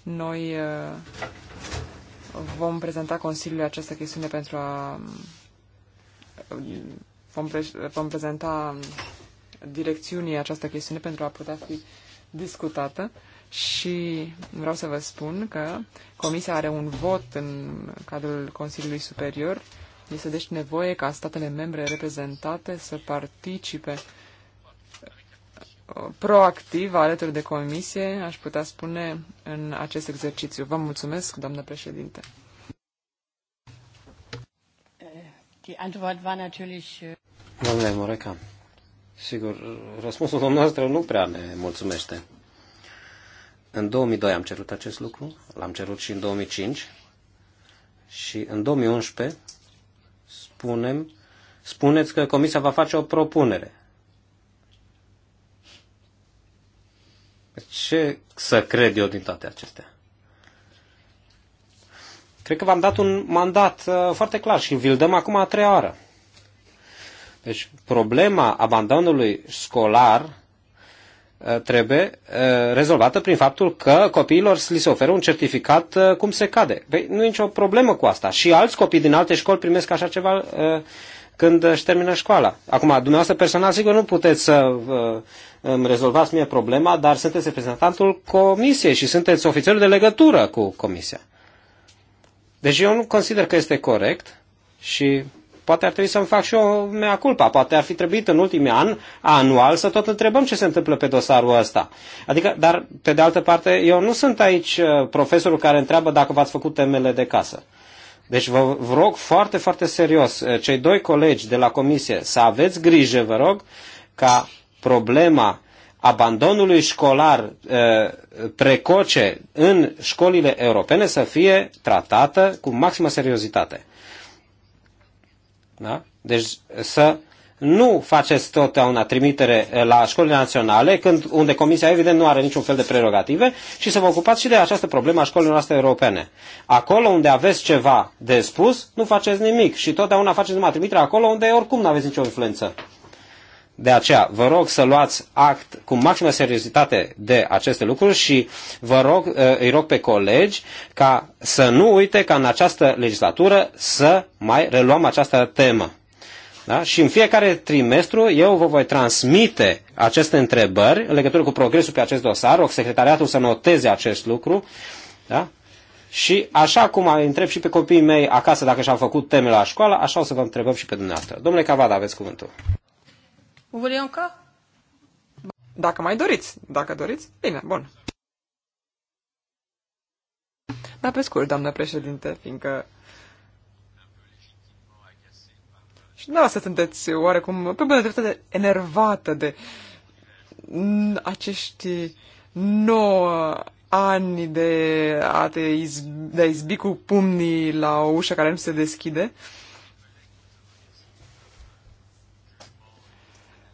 noi uh, vom prezenta Consiliului această chestiune pentru a... Uh, vom, pre... vom prezenta direcțiunii această chestiune pentru a putea fi discutată și vreau să vă spun că Comisia are un vot în cadrul Consiliului Superior. Este deci nevoie ca statele membre reprezentate să participe proactiv alături de comisie, aș putea spune, în acest exercițiu. Vă mulțumesc, doamnă președinte. Eh, eh, Doamne Moreca, sigur, răspunsul dumneavoastră nu prea ne mulțumește. În 2002 am cerut acest lucru, l-am cerut și în 2005 și în 2011 spunem, spuneți că Comisia va face o propunere. Ce să cred eu din toate acestea? Cred că v-am dat un mandat uh, foarte clar și vi-l dăm acum a treia oară. Deci problema abandonului școlar uh, trebuie uh, rezolvată prin faptul că copiilor li se oferă un certificat cum se cade. Păi nu e nicio problemă cu asta. Și alți copii din alte școli primesc așa ceva când își termină școala. Acum, dumneavoastră personal, sigur, nu puteți să uh, îmi rezolvați mie problema, dar sunteți reprezentantul comisiei și sunteți ofițerul de legătură cu comisia. Deci eu nu consider că este corect și poate ar trebui să-mi fac și eu mea culpa. Poate ar fi trebuit în ultimii ani, anual, să tot întrebăm ce se întâmplă pe dosarul ăsta. Adică, dar, pe de altă parte, eu nu sunt aici uh, profesorul care întreabă dacă v-ați făcut temele de casă. Deci vă rog foarte, foarte serios, eh, cei doi colegi de la comisie, să aveți grijă, vă rog, ca problema abandonului școlar eh, precoce în școlile europene să fie tratată cu maximă seriozitate. Da? Deci să nu faceți totdeauna trimitere eh, la școlile naționale, când, unde Comisia evident nu are niciun fel de prerogative, și să vă ocupați și de această problemă a școlilor noastre europene. Acolo unde aveți ceva de spus, nu faceți nimic și totdeauna faceți numai trimitere acolo unde oricum nu aveți nicio influență. De aceea, vă rog să luați act cu maximă seriozitate de aceste lucruri și vă rog, eh, îi rog pe colegi ca să nu uite ca în această legislatură să mai reluăm această temă. Da? Și în fiecare trimestru eu vă voi transmite aceste întrebări în legătură cu progresul pe acest dosar, o secretariatul să noteze acest lucru. Da? Și așa cum am întreb și pe copiii mei acasă dacă și-au făcut teme la școală, așa o să vă întrebăm și pe dumneavoastră. Domnule Cavada, aveți cuvântul. Vulionca? Dacă mai doriți. Dacă doriți, bine, bun. Dar pe scurt, doamnă președinte, fiindcă Și da, să sunteți oarecum pe bună dreptate enervată de acești nouă ani de a te izbi, de a izbi cu pumnii la o ușă care nu se deschide.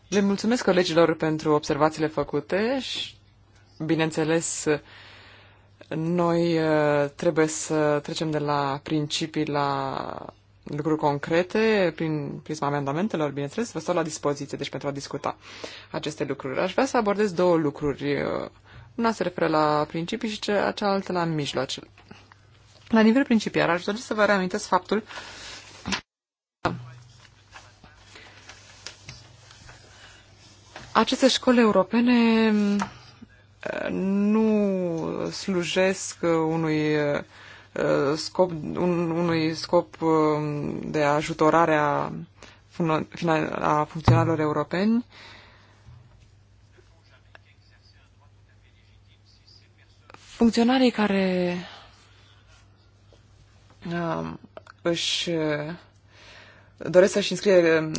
Le mulțumesc colegilor pentru observațiile făcute și, bineînțeles, noi uh, trebuie să trecem de la principii la lucruri concrete prin prisma amendamentelor, bineînțeles, vă stau la dispoziție, deci pentru a discuta aceste lucruri. Aș vrea să abordez două lucruri. Una se referă la principii și cea, cealaltă la mijloace. La nivel principiar, aș dori să vă reamintesc faptul că aceste școli europene eh, nu slujesc unui eh, Uh, scop, un, unui scop uh, de ajutorare a, a funcționarilor europeni. Funcționarii care uh, își doresc să-și înscrie um,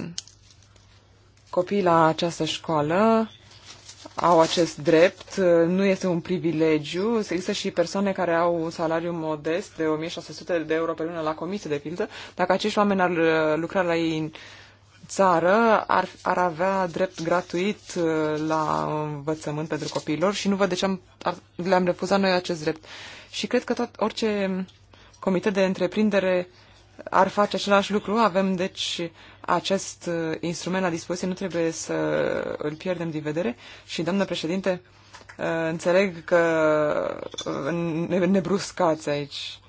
copiii la această școală au acest drept, nu este un privilegiu. Există și persoane care au un salariu modest de 1600 de euro pe lună la comisie, de pildă. Dacă acești oameni ar uh, lucra la ei în țară, ar, ar avea drept gratuit uh, la învățământ pentru copiilor și nu văd de ce am, ar, le-am refuzat noi acest drept. Și cred că tot orice comitet de întreprindere ar face același lucru. Avem, deci, acest uh, instrument la dispoziție, nu trebuie să îl pierdem din vedere. Și, doamnă președinte, uh, înțeleg că uh, ne bruscați aici.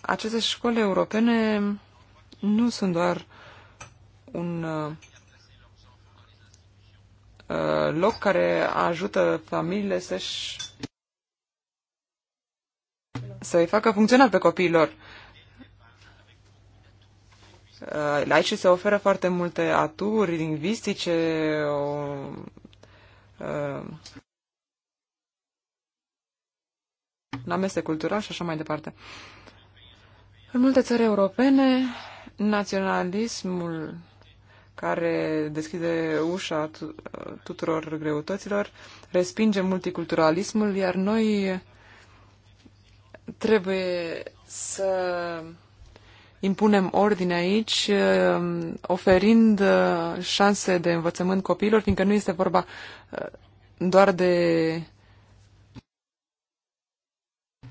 Aceste școli europene nu sunt doar un loc care ajută familiile să-și să-i facă funcțional pe copiilor. Uh, aici se oferă foarte multe aturi lingvistice, o, un uh, amestec cultural și așa mai departe. În multe țări europene, naționalismul care deschide ușa tuturor greutăților respinge multiculturalismul, iar noi trebuie să impunem ordine aici, um, oferind uh, șanse de învățământ copiilor, fiindcă nu este vorba uh, doar de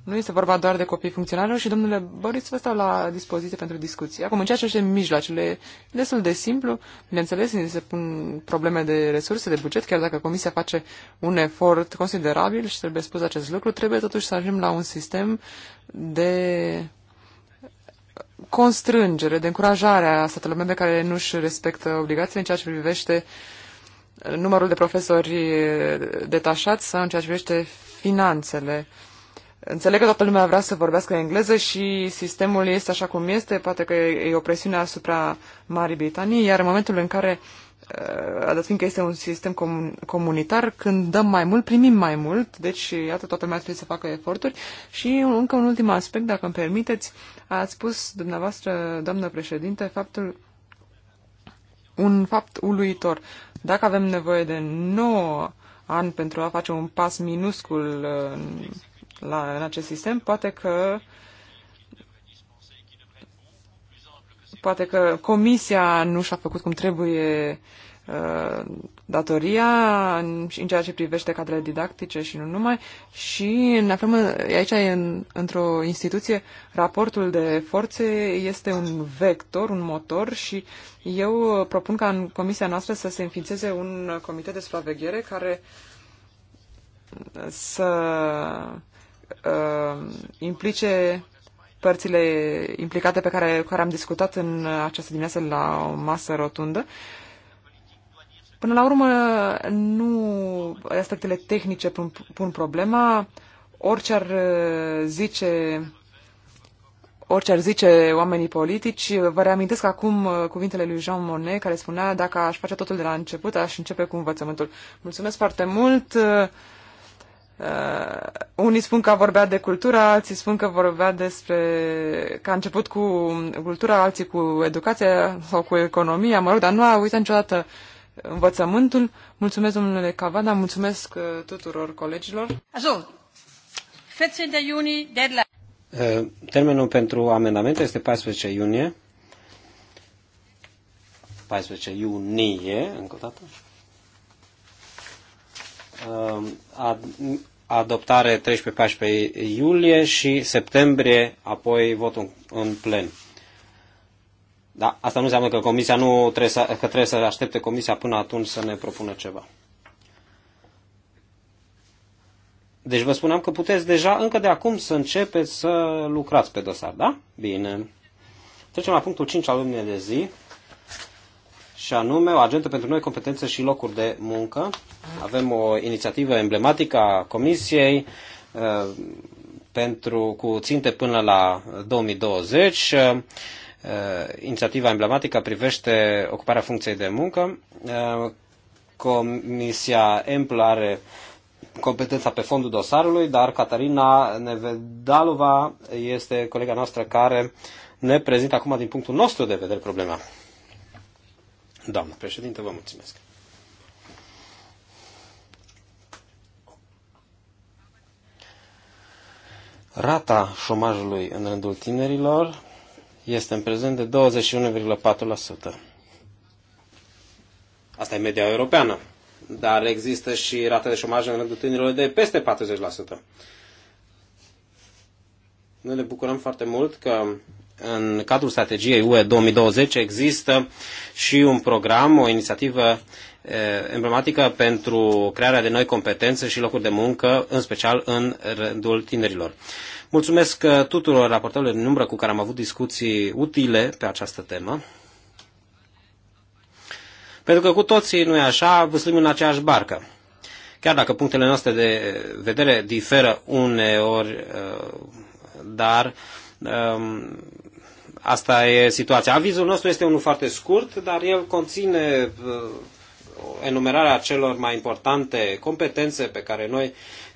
nu este vorba doar de copii funcționari și, domnule Boris, vă stau la dispoziție pentru discuții. Acum, în ceea ce este mijloacele, destul de simplu, bineînțeles, ni se pun probleme de resurse, de buget, chiar dacă Comisia face un efort considerabil și trebuie spus acest lucru, trebuie totuși să ajungem la un sistem de constrângere, de încurajare a statelor membre care nu își respectă obligațiile în ceea ce privește uh, numărul de profesori uh, detașați sau în ceea ce privește finanțele. Înțeleg că toată lumea vrea să vorbească engleză și sistemul este așa cum este, poate că e o presiune asupra Marii Britanii, iar în momentul în care, uh, adăt fiindcă este un sistem comun- comunitar, când dăm mai mult, primim mai mult, deci iată, toată lumea trebuie să facă eforturi. Și încă un ultim aspect, dacă îmi permiteți, Ați spus, dumneavoastră, doamnă președinte, faptul un fapt uluitor. Dacă avem nevoie de 9 ani pentru a face un pas minuscul în, uh, la, în acest sistem, poate că poate că comisia nu și-a făcut cum trebuie uh, datoria și în ceea ce privește cadrele didactice și nu numai. Și ne aflăm aici, în, într-o instituție, raportul de forțe este un vector, un motor și eu propun ca în comisia noastră să se înființeze un comitet de supraveghere care să uh, implice părțile implicate pe care, care am discutat în această dimineață la o masă rotundă Până la urmă, nu aspectele tehnice pun, pun problema. Orice ar uh, zice orice ar zice oamenii politici, vă reamintesc acum uh, cuvintele lui Jean Monnet, care spunea, dacă aș face totul de la început, aș începe cu învățământul. Mulțumesc foarte mult! Uh, uh unii spun că vorbea de cultură, alții spun că vorbea despre că a început cu cultura, alții cu educația sau cu economia, mă rog, dar nu a uitat niciodată uh, învățământul. Mulțumesc, domnule Cavada, mulțumesc uh, tuturor colegilor. Așa, 14 iunie, deadline. Uh, termenul pentru amendamente este 14 iunie. 14 iunie, încă o dată. Uh, adoptare 13-14 iulie și septembrie, apoi votul în plen. Da, asta nu înseamnă că comisia nu trebuie să, că trebuie să aștepte comisia până atunci să ne propună ceva. Deci vă spuneam că puteți deja încă de acum să începeți să lucrați pe dosar, da? Bine. Trecem la punctul 5 al lumii de zi și anume o agentă pentru noi competențe și locuri de muncă. Avem o inițiativă emblematică a Comisiei uh, pentru, cu ținte până la 2020 Uh, inițiativa emblematică privește ocuparea funcției de muncă. Uh, Comisia EMPL are competența pe fondul dosarului, dar Catarina Nevedalova este colega noastră care ne prezintă acum din punctul nostru de vedere problema. Doamna președinte, vă mulțumesc. Rata șomajului în rândul tinerilor este în prezent de 21,4%. Asta e media europeană, dar există și rate de șomaj în rândul tinerilor de peste 40%. Noi ne bucurăm foarte mult că în cadrul strategiei UE 2020 există și un program, o inițiativă emblematică pentru crearea de noi competențe și locuri de muncă, în special în rândul tinerilor. Mulțumesc uh, tuturor raportorilor din umbră cu care am avut discuții utile pe această temă. Pentru că cu toții, nu e așa, vâslim în aceeași barcă. Chiar dacă punctele noastre de vedere diferă uneori, uh, dar um, asta e situația. Avizul nostru este unul foarte scurt, dar el conține uh, enumerarea celor mai importante competențe pe care noi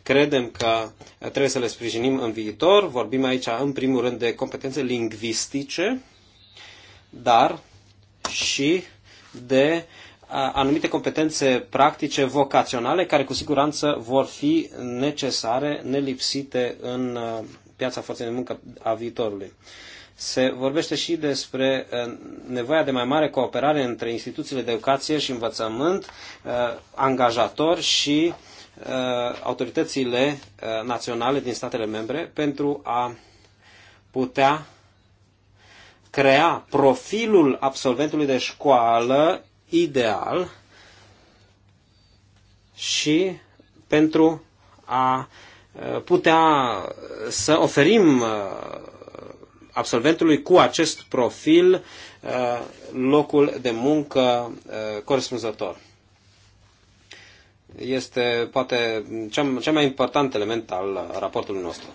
credem că trebuie să le sprijinim în viitor. Vorbim aici, în primul rând, de competențe lingvistice, dar și de anumite competențe practice vocaționale care cu siguranță vor fi necesare, nelipsite în piața forței de muncă a viitorului. Se vorbește și despre nevoia de mai mare cooperare între instituțiile de educație și învățământ, angajatori și uh, Uh, autoritățile uh, naționale din statele membre pentru a putea crea profilul absolventului de școală ideal și pentru a uh, putea să oferim absolventului cu acest profil locul de muncă corespunzător este poate cel mai important element al raportului nostru.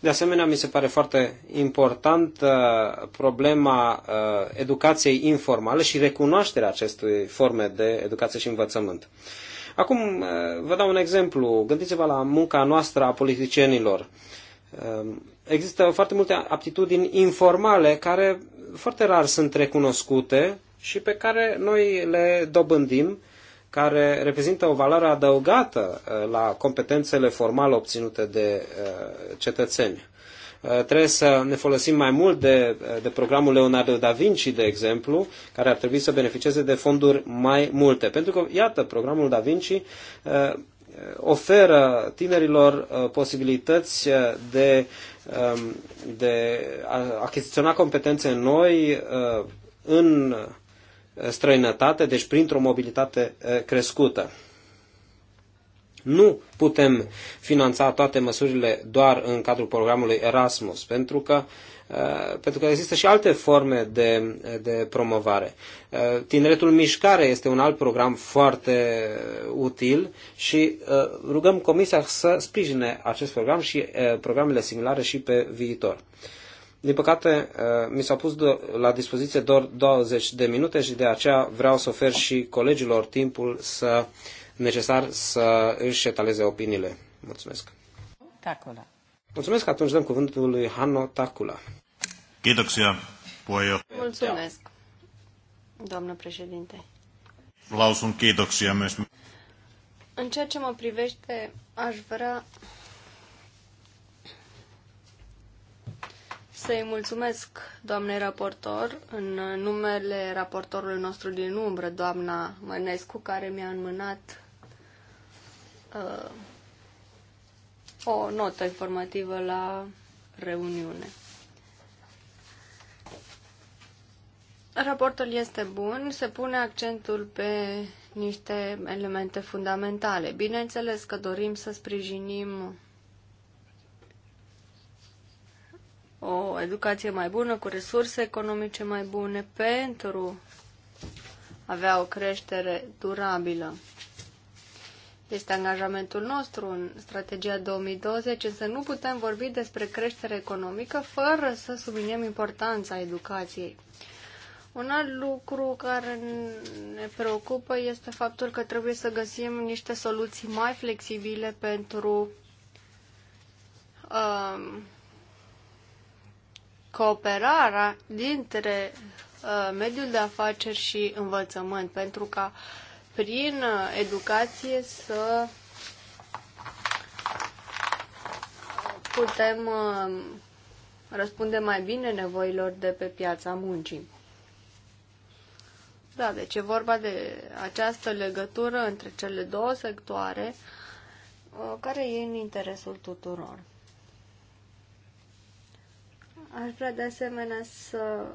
De asemenea, mi se pare foarte important uh, problema uh, educației informale și recunoașterea acestui forme de educație și învățământ. Acum uh, vă dau un exemplu. Gândiți-vă la munca noastră a politicienilor. Există foarte multe aptitudini informale care foarte rar sunt recunoscute și pe care noi le dobândim care reprezintă o valoare adăugată uh, la competențele formale obținute de uh, cetățeni. Uh, trebuie să ne folosim mai mult de, de programul Leonardo da Vinci, de exemplu, care ar trebui să beneficieze de fonduri mai multe. Pentru că, iată, programul da Vinci oferă tinerilor posibilități de, um, de a achiziționa competențe noi în străinătate, deci printr-o mobilitate eh, crescută. Nu putem finanța toate măsurile doar în cadrul programului Erasmus, pentru că, eh, pentru că există și alte forme de, de promovare. Eh, Tineretul Mișcare este un alt program foarte util și rugăm Comisia să sprijine acest program și programele similare și pe viitor. Din păcate, uh, mi s-au pus la dispoziție doar 20 de minute și de aceea vreau să ofer și colegilor timpul să, necesar să își etaleze opiniile. Mulțumesc. Tacula. Mulțumesc, atunci dăm cuvântul lui Hanno Tacula. Kiitoksia, puheenjohtaja. Mulțumesc, doamnă președinte. Lausun kiitoksia myös. În ceea ce mă privește, aș vrea să-i mulțumesc, doamnei raportor, în numele raportorului nostru din umbră, doamna Mănescu, care mi-a înmânat uh, o notă informativă la reuniune. Raportul este bun, se pune accentul pe niște elemente fundamentale. Bineînțeles că dorim să sprijinim o educație mai bună, cu resurse economice mai bune, pentru a avea o creștere durabilă. Este angajamentul nostru în strategia 2020, însă nu putem vorbi despre creștere economică fără să subliniem importanța educației. Un alt lucru care ne preocupă este faptul că trebuie să găsim niște soluții mai flexibile pentru um, cooperarea dintre uh, mediul de afaceri și învățământ, pentru ca prin uh, educație să putem uh, răspunde mai bine nevoilor de pe piața muncii. Da, deci e vorba de această legătură între cele două sectoare uh, care e în interesul tuturor. Aș vrea de asemenea să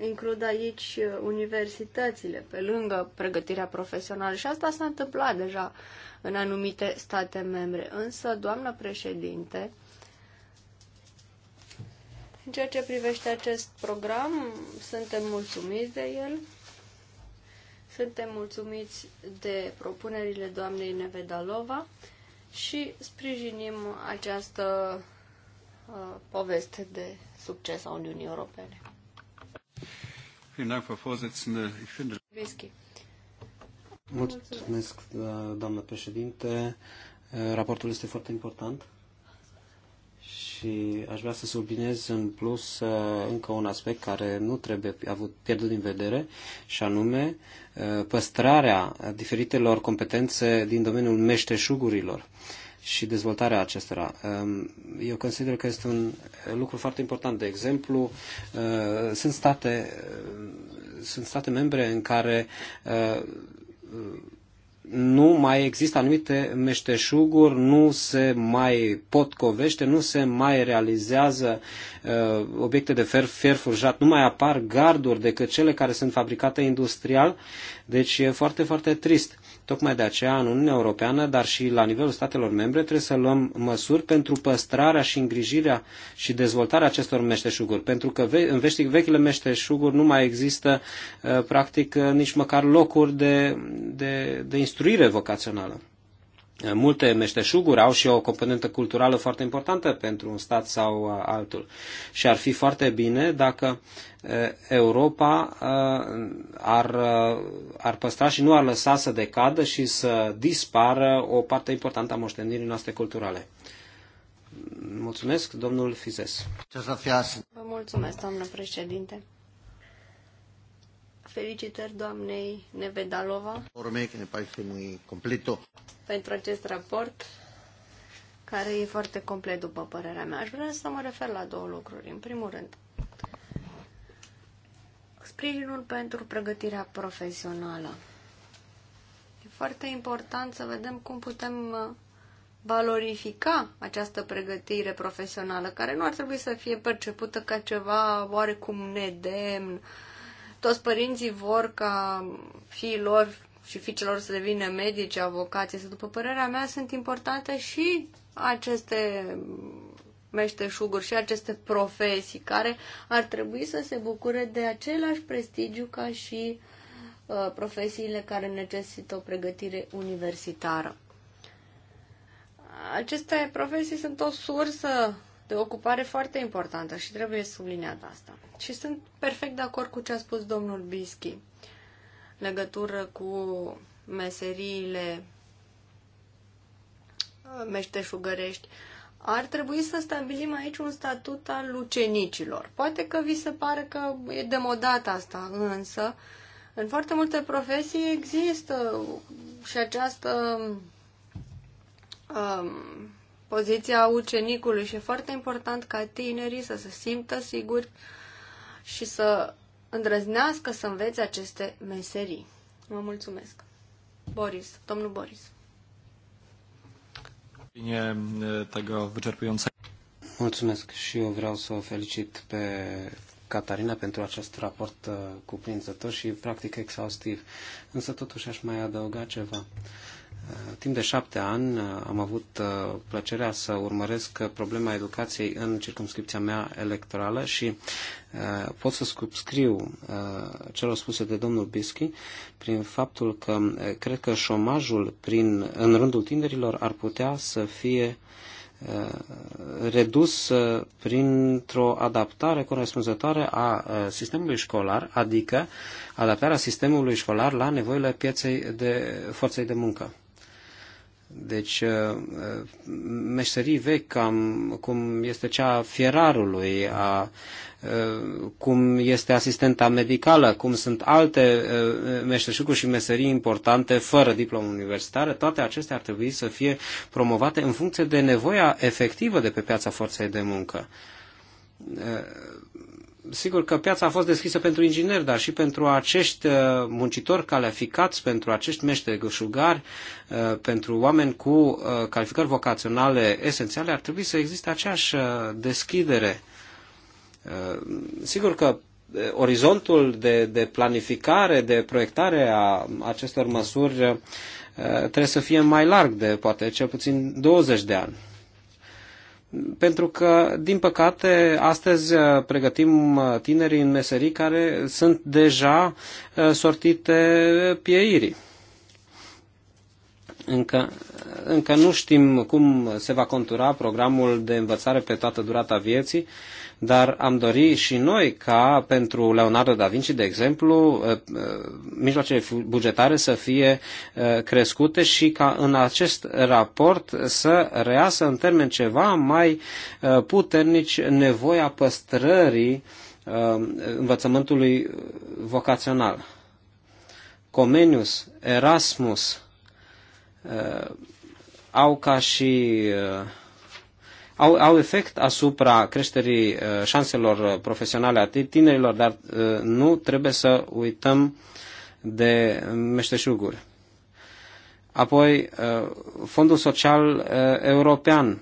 includ aici universitățile, pe lângă pregătirea profesională. Și asta s-a întâmplat deja în anumite state membre. Însă, doamnă președinte, în ceea ce privește acest program, suntem mulțumiți de el. Suntem mulțumiți de propunerile doamnei Nevedalova și sprijinim această Uh, poveste de succes a Uniunii Europene. Mulțumesc, uh, doamnă președinte. Uh, raportul este foarte important și aș vrea să subliniez în plus încă un aspect care nu trebuie avut pierdut din vedere și anume păstrarea diferitelor competențe din domeniul meșteșugurilor și dezvoltarea acestora. Ehm, eu consider că este un lucru foarte important. De exemplu, ehm, sunt state, ehm, sunt state membre în care nu mai există anumite meșteșuguri, nu se mai pot covește, nu se mai realizează uh, obiecte de fer, fer furjat, nu mai apar garduri decât cele care sunt fabricate industrial, deci e foarte, foarte trist. Tocmai de aceea, în Uniunea Europeană, dar și la nivelul statelor membre, trebuie să luăm măsuri pentru păstrarea și îngrijirea și dezvoltarea acestor meșteșuguri, pentru că în vechile meșteșuguri nu mai există, uh, practic, uh, nici măcar locuri de, de, de instruire vocațională multe meșteșuguri au și o componentă culturală foarte importantă pentru un stat sau uh, altul. Și ar fi foarte bine dacă uh, Europa uh, ar, ar păstra și nu ar lăsa să decadă și să dispară o parte importantă a moștenirii noastre culturale. Mulțumesc, domnul Fizes. Vă mulțumesc, domnule președinte. Felicitări doamnei Nevedalova pentru acest raport care e foarte complet după părerea mea. Aș vrea să mă refer la două lucruri. În primul rând, sprijinul pentru pregătirea profesională. E foarte important să vedem cum putem uh, valorifica această pregătire profesională, care nu ar trebui să fie percepută ca ceva oarecum nedemn, uh, toți părinții vor ca fiilor și fiicelor să devină medici, avocați, să după părerea mea sunt importante și aceste meșteșuguri și aceste profesii care ar trebui să se bucure de același prestigiu ca și uh, profesiile care necesită o pregătire universitară. Aceste profesii sunt o sursă de ocupare foarte importantă și trebuie subliniat asta. Și sunt perfect de acord cu ce a spus domnul Bischi legătură cu meseriile uh, meșteșugărești. Ar trebui să stabilim aici un statut al ucenicilor. Poate că vi se pare că e demodat asta, însă în foarte multe profesii există și această um, poziție a ucenicului și e foarte important ca tinerii să se simtă siguri uh, și să îndrăznească să învețe aceste meserii. Vă mulțumesc. Boris, domnul Boris. Mulțumesc și eu vreau să o felicit pe Catarina pentru acest raport cuprinzător și practic exhaustiv. Însă totuși aș mai adăuga ceva. Timp de șapte ani uh, am avut uh, plăcerea să urmăresc uh, problema educației în circumscripția mea electorală și pot să subscriu celor spuse de domnul Bischi prin faptul că cred că șomajul prin, în rândul tinerilor ar putea să fie redus printr-o adaptare corespunzătoare a sistemului școlar, adică adaptarea sistemului școlar la nevoile pieței de forței de muncă. Deci, uh, uh, meșterii vechi, cam cum este cea a fierarului, a, uh, cum este asistenta medicală, cum sunt alte meșteșuguri și meserii importante fără diplomă universitară, toate acestea ar trebui să fie promovate în funcție de nevoia efectivă de pe piața forței de muncă sigur că piața a fost deschisă pentru ingineri, dar și pentru acești uh, muncitori calificați, pentru acești gășugari, uh, pentru oameni cu uh, calificări vocaționale esențiale, ar trebui să existe aceeași deschidere. Sigur că orizontul de, de planificare, de proiectare a acestor măsuri trebuie să fie mai larg de poate cel puțin 20 de ani pentru că, din păcate, astăzi uh, pregătim uh, tinerii în meserii care sunt deja uh, sortite pieirii. Încă, încă nu știm cum se va contura programul de învățare pe toată durata vieții dar am dori și noi ca pentru Leonardo da Vinci, de exemplu, eh, eh, mijloacele bugetare să fie eh, crescute și ca în acest raport să reasă în termen ceva mai puternici nevoia păstrării învățământului vocațional. Comenius, Erasmus, au ca și uh, au, au efect asupra creșterii uh, șanselor uh, profesionale a tinerilor, dar uh, nu trebuie să uităm de meșteșuguri. Apoi, Fondul Social European,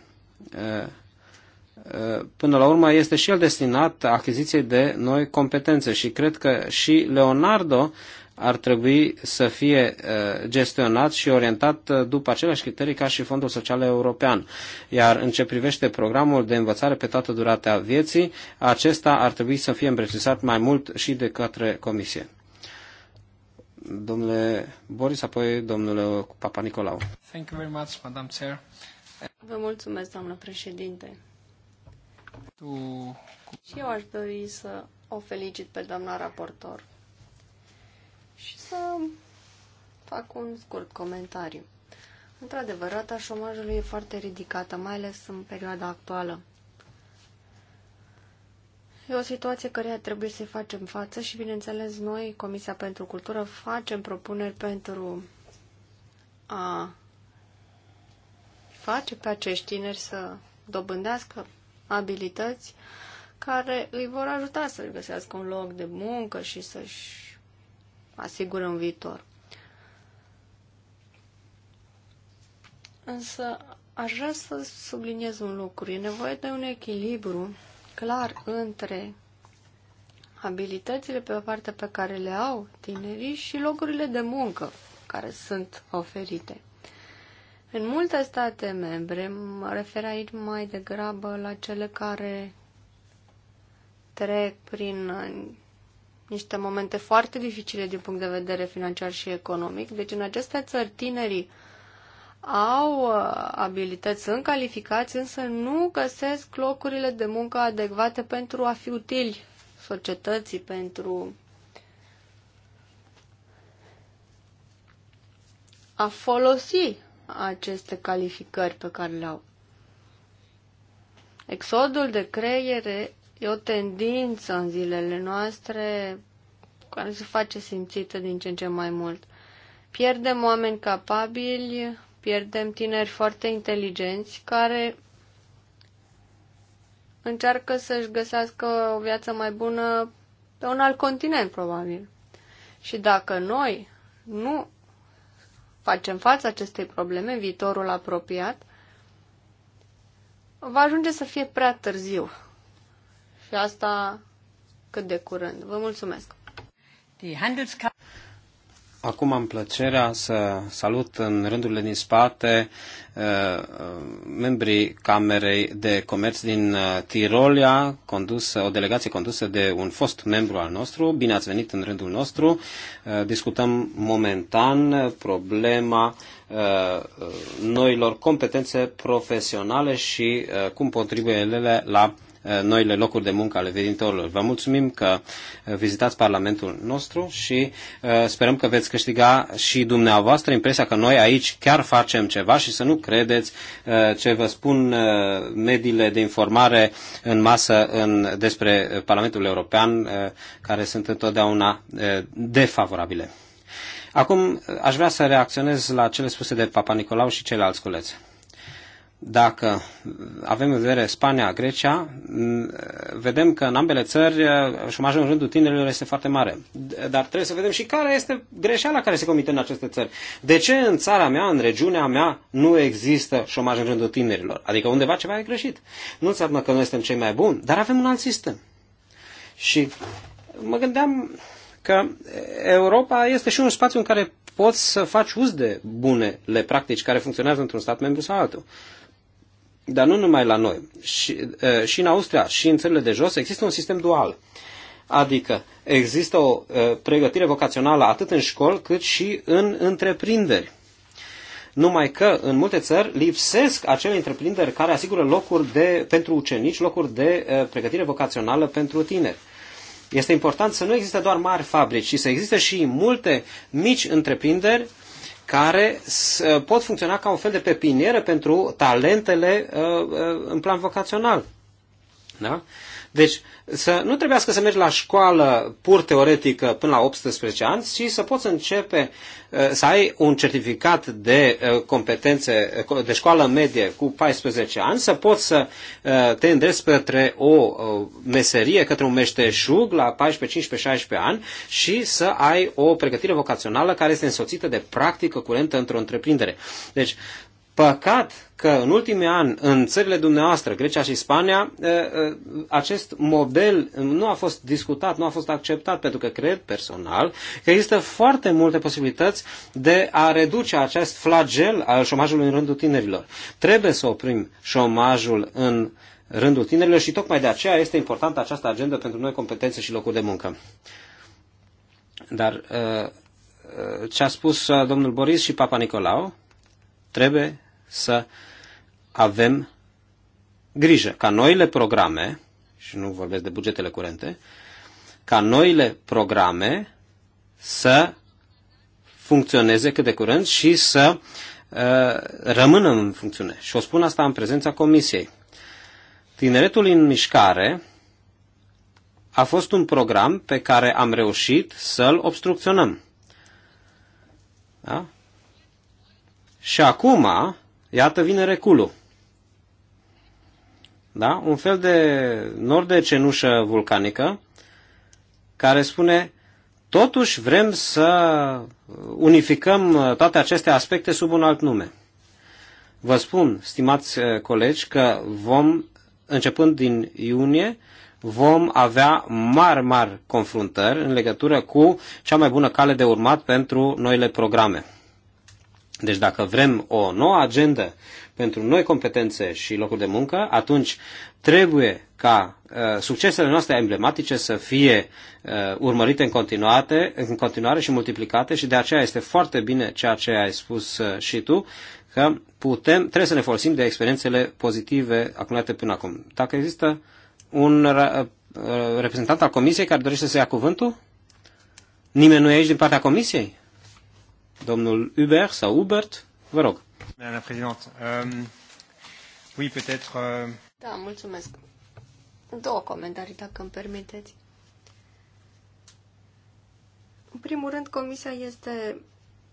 până la urmă, este și el destinat achiziției de noi competențe și cred că și Leonardo ar trebui să fie uh, gestionat și orientat uh, după aceleași criterii ca și Fondul Social European. Iar în ce privește programul de învățare pe toată durata vieții, acesta ar trebui să fie îmbrățisat mai mult și de către Comisie. Domnule Boris, apoi domnule Papa Nicolau. Thank you very much, Madam Chair. Vă mulțumesc, doamnă președinte. Tu... Și eu aș dori să o felicit pe doamna raportor și să fac un scurt comentariu. Într-adevăr, rata șomajului e foarte ridicată, mai ales în perioada actuală. E o situație care trebuie să-i facem față și, bineînțeles, noi, Comisia pentru Cultură, facem propuneri pentru a face pe acești tineri să dobândească abilități care îi vor ajuta să-și găsească un loc de muncă și să-și asigură un viitor. Însă aș vrea să subliniez un lucru. E nevoie de un echilibru clar între abilitățile pe o parte pe care le au tinerii și locurile de muncă care sunt oferite. În multe state membre, mă refer aici mai degrabă la cele care trec prin niște momente foarte dificile din punct de vedere financiar și economic. Deci în aceste țări tinerii au uh, abilități, sunt calificați, însă nu găsesc locurile de muncă adecvate pentru a fi utili societății, pentru a folosi aceste calificări pe care le au. Exodul de creiere E o tendință în zilele noastre care se face simțită din ce în ce mai mult. Pierdem oameni capabili, pierdem tineri foarte inteligenți care încearcă să-și găsească o viață mai bună pe un alt continent, probabil. Și dacă noi nu facem față acestei probleme, viitorul apropiat, va ajunge să fie prea târziu și asta cât de curând. Vă mulțumesc! Acum am plăcerea să salut în rândurile din spate uh, membrii Camerei de Comerț din uh, Tirolia, condusă, o delegație condusă de un fost membru al nostru. Bine ați venit în rândul nostru. Uh, discutăm momentan problema noilor competențe profesionale și cum contribuie ele la noile locuri de muncă ale viitorilor. Vă mulțumim că vizitați Parlamentul nostru și uh, sperăm că veți câștiga și dumneavoastră impresia că noi aici chiar facem ceva și să nu credeți uh, ce vă spun uh, mediile de informare în masă în, despre Parlamentul European, care sunt întotdeauna defavorabile. Acum aș vrea să reacționez la cele spuse de Papa Nicolau și ceilalți culeți dacă avem în vedere Spania, Grecia, vedem că în ambele țări uh, șomajul în rândul tinerilor este foarte mare. Dar trebuie să vedem și care este greșeala care se comite în aceste țări. De ce în țara mea, în regiunea mea, nu există șomaj în rândul tinerilor? Adică undeva ceva e greșit. Nu înseamnă că noi suntem cei mai buni, dar avem un alt sistem. Și mă gândeam că Europa este și un spațiu în care poți să faci uz de bunele practici care funcționează într-un stat membru sau altul. Dar nu numai la noi. Și, și în Austria și în țările de jos există un sistem dual. Adică există o pregătire vocațională atât în școli cât și în întreprinderi. Numai că în multe țări lipsesc acele întreprinderi care asigură locuri de, pentru ucenici, locuri de pregătire vocațională pentru tineri. Este important să nu existe doar mari fabrici, ci să existe și multe mici întreprinderi care uh, pot funcționa ca un fel de pepinieră pentru talentele uh, uh, în plan vocațional. Da? Deci să nu trebuiască să mergi la școală pur teoretică până la 18 ani, ci să poți începe eh, să ai un certificat de eh, competențe eh, de școală medie cu 14 ani, să poți să te îndrepți către o meserie, către un meșteșug la 14, 15, 16 ani și să ai o pregătire vocațională care este însoțită de practică curentă într-o întreprindere. Deci Păcat că în ultimii ani, în țările dumneavoastră, Grecia și Spania, acest model nu a fost discutat, nu a fost acceptat, pentru că cred personal că există foarte multe posibilități de a reduce acest flagel al șomajului în rândul tinerilor. Trebuie să oprim șomajul în rândul tinerilor și tocmai de aceea este importantă această agendă pentru noi competențe și locuri de muncă. Dar ce a spus domnul Boris și Papa Nicolau, Trebuie să avem grijă ca noile programe, și nu vorbesc de bugetele curente, ca noile programe să funcționeze cât de curând și să uh, rămână în funcțiune. Și o spun asta în prezența comisiei. Tineretul în mișcare a fost un program pe care am reușit să-l obstrucționăm. Da? Și acum, iată, vine reculul. Da? Un fel de nor de cenușă vulcanică care spune totuși vrem să unificăm uh, toate aceste aspecte sub un alt nume. Vă spun, stimați uh, colegi, că vom, începând din iunie, vom avea mari, mari confruntări în legătură cu cea mai bună cale de urmat pentru noile programe. Deci dacă vrem o nouă agendă pentru noi competențe și locuri de muncă, atunci trebuie ca uh, succesele noastre emblematice să fie uh, urmărite în continuare, în continuare și multiplicate și de aceea este foarte bine ceea ce ai spus uh, și tu, că putem, trebuie să ne folosim de experiențele pozitive acumulate până acum. Dacă există un uh, uh reprezentant al comisiei care dorește să ia cuvântul? Nimeni nu e aici din partea comisiei? Domnul Uber sau Ubert, vă rog. Doamna um, euh, oui, peut-être... Uh... Da, mulțumesc. Două comentarii, dacă îmi permiteți. În primul rând, Comisia este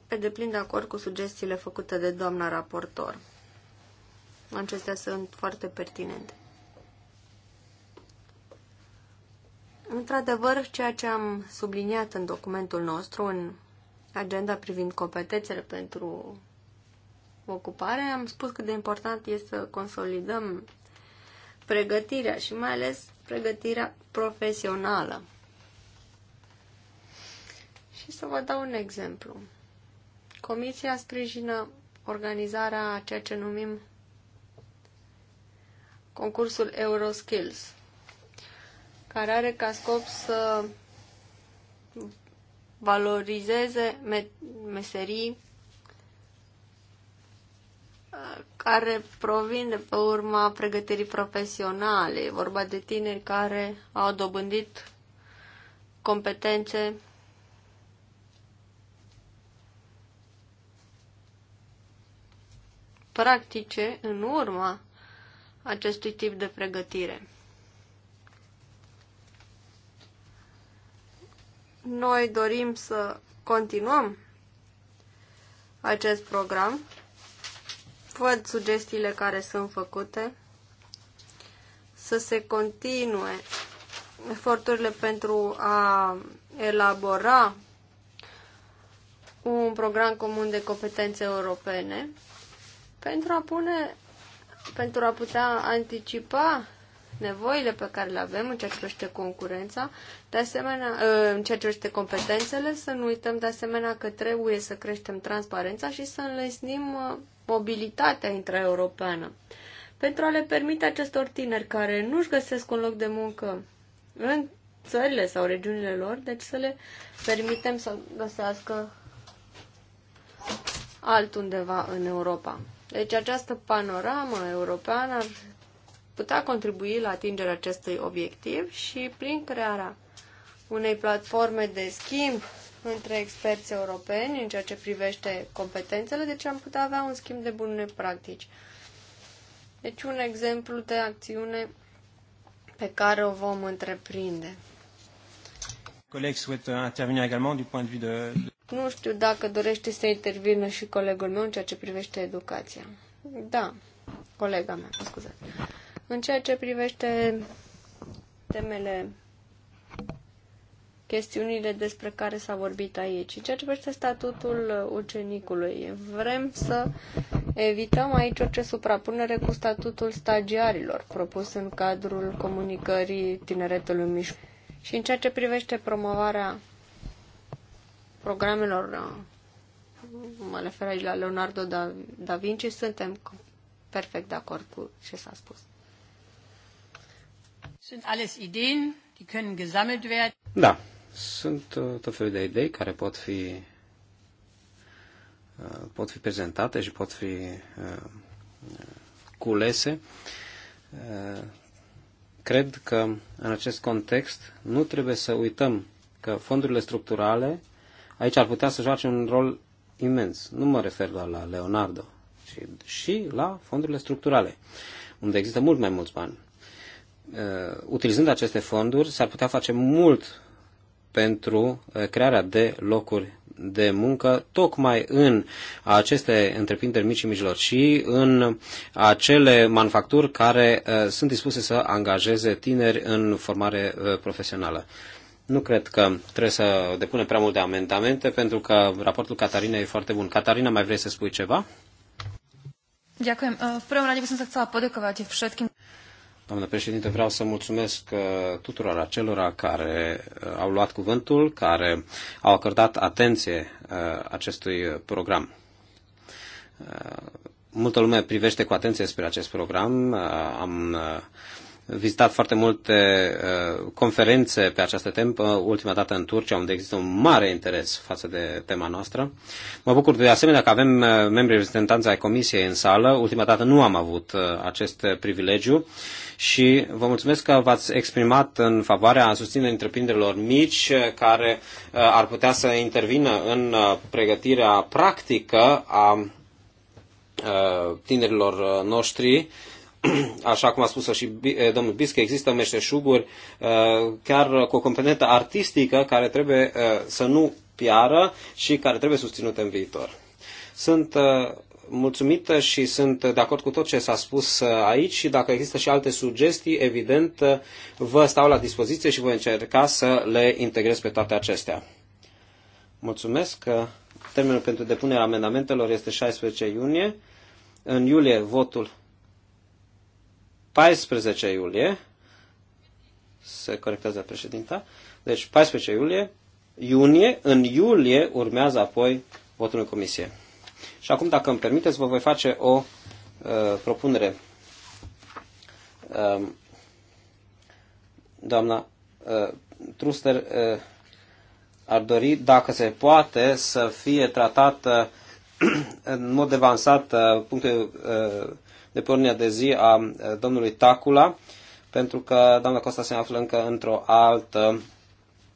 pe deplin de acord cu sugestiile făcute de doamna raportor. Acestea sunt foarte pertinente. Într-adevăr, ceea ce am subliniat în documentul nostru, în agenda privind competențele pentru ocupare, am spus cât de important este să consolidăm pregătirea și mai ales pregătirea profesională. Și să vă dau un exemplu. Comisia sprijină organizarea a ceea ce numim concursul Euroskills, care are ca scop să valorizeze meserii care provin de pe urma pregătirii profesionale. E vorba de tineri care au dobândit competențe practice în urma acestui tip de pregătire. Noi dorim să continuăm acest program. Văd sugestiile care sunt făcute. Să se continue eforturile pentru a elabora un program comun de competențe europene pentru a pune pentru a putea anticipa nevoile pe care le avem în ceea ce privește concurența, de asemenea, ă, în ceea ce privește competențele, să nu uităm de asemenea că trebuie să creștem transparența și să înlesnim ă, mobilitatea intraeuropeană. Pentru a le permite acestor tineri care nu-și găsesc un loc de muncă în țările sau regiunile lor, deci să le permitem să găsească altundeva în Europa. Deci această panoramă europeană ar putea contribui la atingerea acestui obiectiv și prin crearea unei platforme de schimb între experți europeni în ceea ce privește competențele, deci am putea avea un schimb de bune practici. Deci un exemplu de acțiune pe care o vom întreprinde. Coleg intervenir également du point de vue de... Nu știu dacă dorește să intervină și colegul meu în ceea ce privește educația. Da, colega mea, scuzați. În ceea ce privește temele, chestiunile despre care s-a vorbit aici, în ceea ce privește statutul ucenicului, vrem să evităm aici orice suprapunere cu statutul stagiarilor propus în cadrul comunicării tineretului mijloc. Și în ceea ce privește promovarea programelor, mă refer aici la Leonardo da, da Vinci, suntem perfect de acord cu ce s-a spus. Sunt alles idei, Da, sunt uh, tot felul de idei care pot fi uh, pot fi prezentate și pot fi uh, culese. Cred că în acest context nu trebuie să uităm că fondurile structurale aici ar putea să joace un rol imens. Nu mă refer doar la Leonardo, ci și la fondurile structurale, unde există mult mai mulți bani. Uh, utilizând aceste fonduri, s-ar putea face mult pentru uh, crearea de locuri de muncă, tocmai în aceste întreprinderi mici și mijlocii, în acele manufacturi care uh, sunt dispuse să angajeze tineri în formare profesională. Nu cred că trebuie să depunem prea multe amendamente, pentru că raportul Catarina e foarte bun. Catarina, mai vrei să spui ceva? Ďakujem. V prvom rade by som sa chcela poďakovať všetkým. Doamnă președinte, vreau să mulțumesc uh, tuturor acelora care uh, au luat cuvântul, care au acordat atenție uh, acestui program. Multă lume privește cu atenție spre acest program. Am vizitat foarte multe uh, conferințe pe această temă, ultima dată în Turcia, unde există un mare interes față de tema noastră. Mă bucur de asemenea că avem uh, membrii reprezentanți ai Comisiei în sală. Ultima dată nu am avut uh, acest privilegiu și vă mulțumesc că v-ați exprimat în favoarea susținerii întreprinderilor mici care ar putea să intervină în pregătirea practică a tinerilor noștri (clears throat) așa cum a spus și eh, domnul Biscă, există meșteșuguri eh, chiar cu o componentă artistică care trebuie eh, să nu piară și care trebuie susținute în viitor. Sunt mulțumită și sunt de acord cu tot ce s-a spus aici și dacă există și alte sugestii, evident, vă stau la dispoziție și voi încerca să le integrez pe toate acestea. Mulțumesc. Termenul pentru depunerea amendamentelor este 16 iunie. În iulie votul 14 iulie, se corectează președinta, deci 14 iulie, iunie, în iulie urmează apoi votul în comisie. Și acum, dacă îmi permiteți, vă voi face o uh, propunere. Uh, doamna uh, Truster uh, ar dori, dacă se poate, să fie tratată uh, (clears throat) în mod avansat uh, punctul uh, de pe ordinea de zi a eh, domnului Tacula, pentru că doamna Costa se află încă într-o altă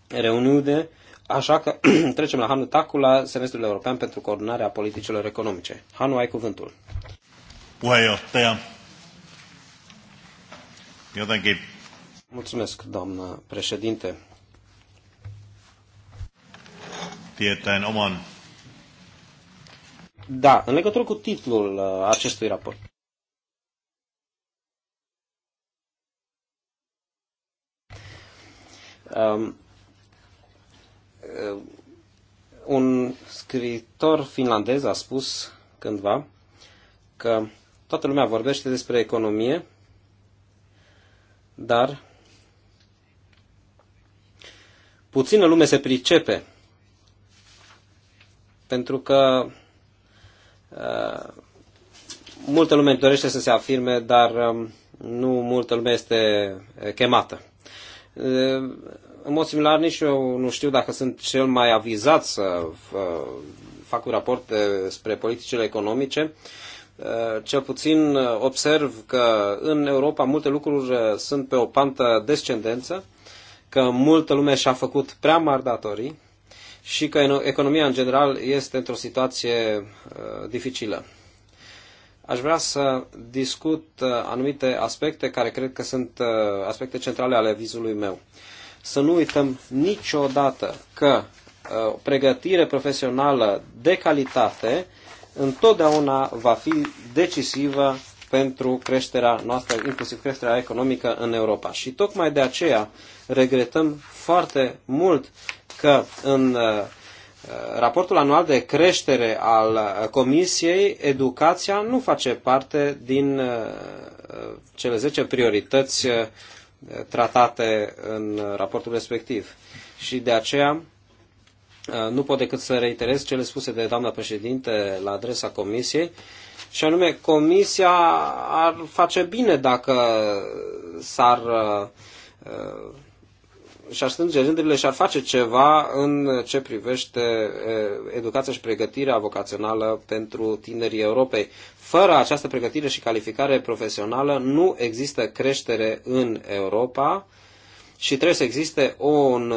reuniune, așa că (clears throat) trecem la Hanu Tacula, semestrul european pentru coordonarea politicilor economice. Hanu, ai cuvântul. Mulțumesc, doamnă președinte. oman da, în legătură cu titlul eh, acestui raport. Um, uh, un scriitor finlandez a spus cândva că toată lumea vorbește despre economie, dar puțină lume se pricepe. Pentru că uh, multă lume dorește să se afirme, dar uh, nu multă lume este uh, chemată. Uh, în mod similar, nici eu nu știu dacă sunt cel mai avizat să uh, fac un raport despre politicile economice. Uh, cel puțin uh, observ că în Europa multe lucruri sunt pe o pantă descendență, că multă lume și-a făcut prea mari datorii și că economia în general este într-o situație dificilă. Aș vrea să discut anumite aspecte care cred că sunt aspecte centrale ale vizului meu să nu uităm niciodată că uh, o pregătire profesională de calitate întotdeauna va fi decisivă pentru creșterea noastră, inclusiv creșterea economică în Europa. Și tocmai de aceea regretăm foarte mult că în uh, uh, raportul anual de creștere al Comisiei, educația nu face parte din cele 10 priorități tratate în raportul respectiv. Și de aceea uh, nu pot decât să reiterez cele spuse de doamna președinte la adresa comisiei, și anume comisia ar face bine dacă s-ar uh, uh, și-ar strânge rândurile și-ar face ceva în ce privește educația și pregătirea vocațională pentru tinerii Europei. Fără această pregătire și calificare profesională nu există creștere în Europa și trebuie să existe un,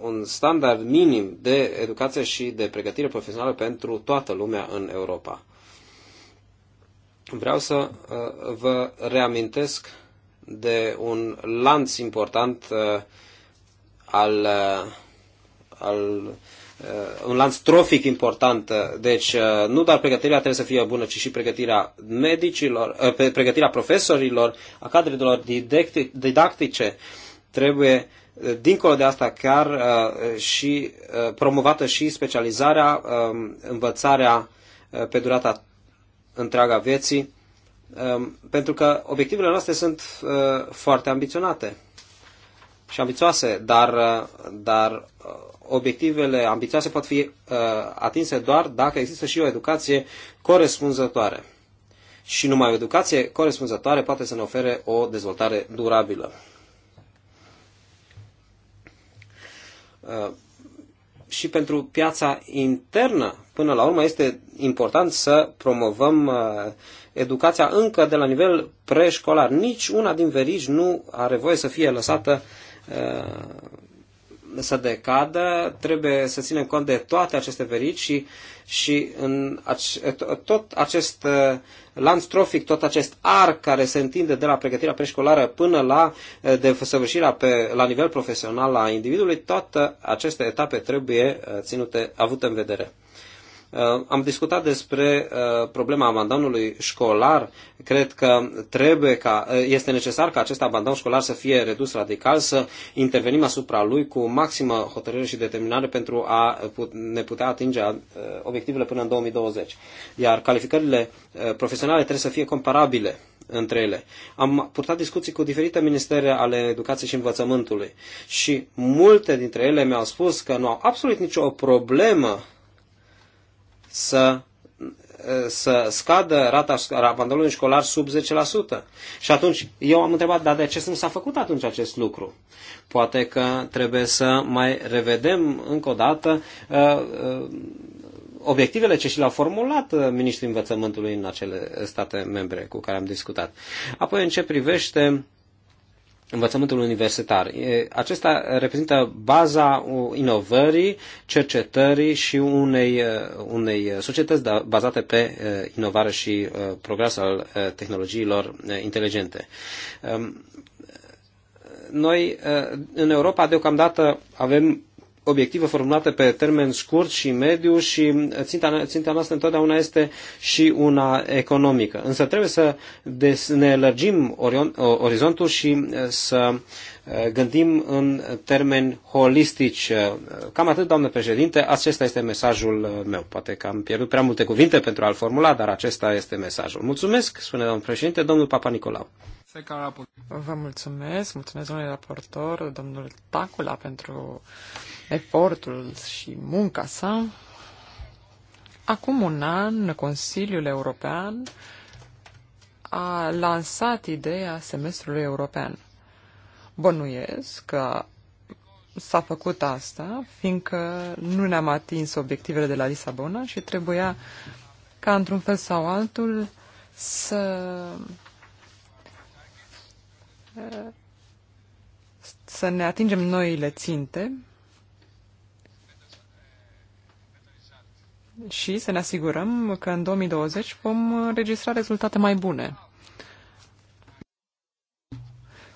un standard minim de educație și de pregătire profesională pentru toată lumea în Europa. Vreau să vă reamintesc de un lanț important al, al uh, un lanț trofic important. Uh, deci uh, nu doar pregătirea trebuie să fie bună, ci și pregătirea medicilor, pregătirea profesorilor, a cadrelor didactice trebuie dincolo de asta chiar și promovată și specializarea, um, învățarea pe durata întreaga vieții, um, pentru că obiectivele noastre sunt foarte ambiționate și ambițioase, dar, uh, dar uh, obiectivele ambițioase pot fi uh, atinse doar dacă există și o educație corespunzătoare. Și numai o educație corespunzătoare poate să ne ofere o dezvoltare durabilă. și pentru piața internă, până la urmă, este important să promovăm educația încă de la nivel preșcolar. Nici una din verigi nu are voie să fie lăsată Uh, să decadă, trebuie să ținem cont de toate aceste verici și, și în tot acest uh, lanț trofic, tot acest arc care se întinde de la pregătirea preșcolară până la uh, desăvârșirea pe, la nivel profesional a individului, toate aceste etape trebuie ținute, avute în vedere. Uh, am discutat despre uh, problema abandonului școlar. Cred că trebuie ca, uh, este necesar ca acest abandon școlar să fie redus radical, să intervenim asupra lui cu maximă hotărâre și determinare pentru a ne putea atinge obiectivele până în 2020. Iar calificările profesionale trebuie să fie comparabile între ele. Am purtat discuții cu diferite ministere ale educației și învățământului și multe dintre ele mi-au spus că nu au absolut nicio problemă să să scadă rata abandonului școlar sub 10%. Și atunci eu am întrebat, dar de ce nu s-a făcut atunci acest lucru? Poate că trebuie să mai revedem încă o dată uh, uh, obiectivele ce și le-au formulat uh, ministrii învățământului în acele state membre cu care am discutat. Apoi, în ce privește învățământul universitar. Acesta reprezintă baza inovării, cercetării și unei, unei societăți da, bazate pe inovare și progres al tehnologiilor inteligente. Noi în Europa deocamdată avem obiectivă formulată pe termen scurt și mediu și ținta, ținta noastră întotdeauna este și una economică. Însă trebuie să des, ne lărgim orion, orizontul și uh, să uh, gândim în termeni holistici. Uh, cam atât, doamnă președinte, acesta este mesajul meu. Poate că am pierdut prea multe cuvinte pentru a-l formula, dar acesta este mesajul. Mulțumesc, spune domnul președinte, domnul Papa Nicolau. Vă mulțumesc, mulțumesc domnule raportor, domnul Tacula pentru uh, efortul și munca sa. Acum un an, Consiliul European a lansat ideea semestrului european. Bănuiesc că s-a făcut asta, fiindcă nu ne-am atins obiectivele de la Lisabona și trebuia ca într-un fel sau altul să să ne atingem noile ținte și să ne asigurăm că în 2020 vom registra rezultate mai bune.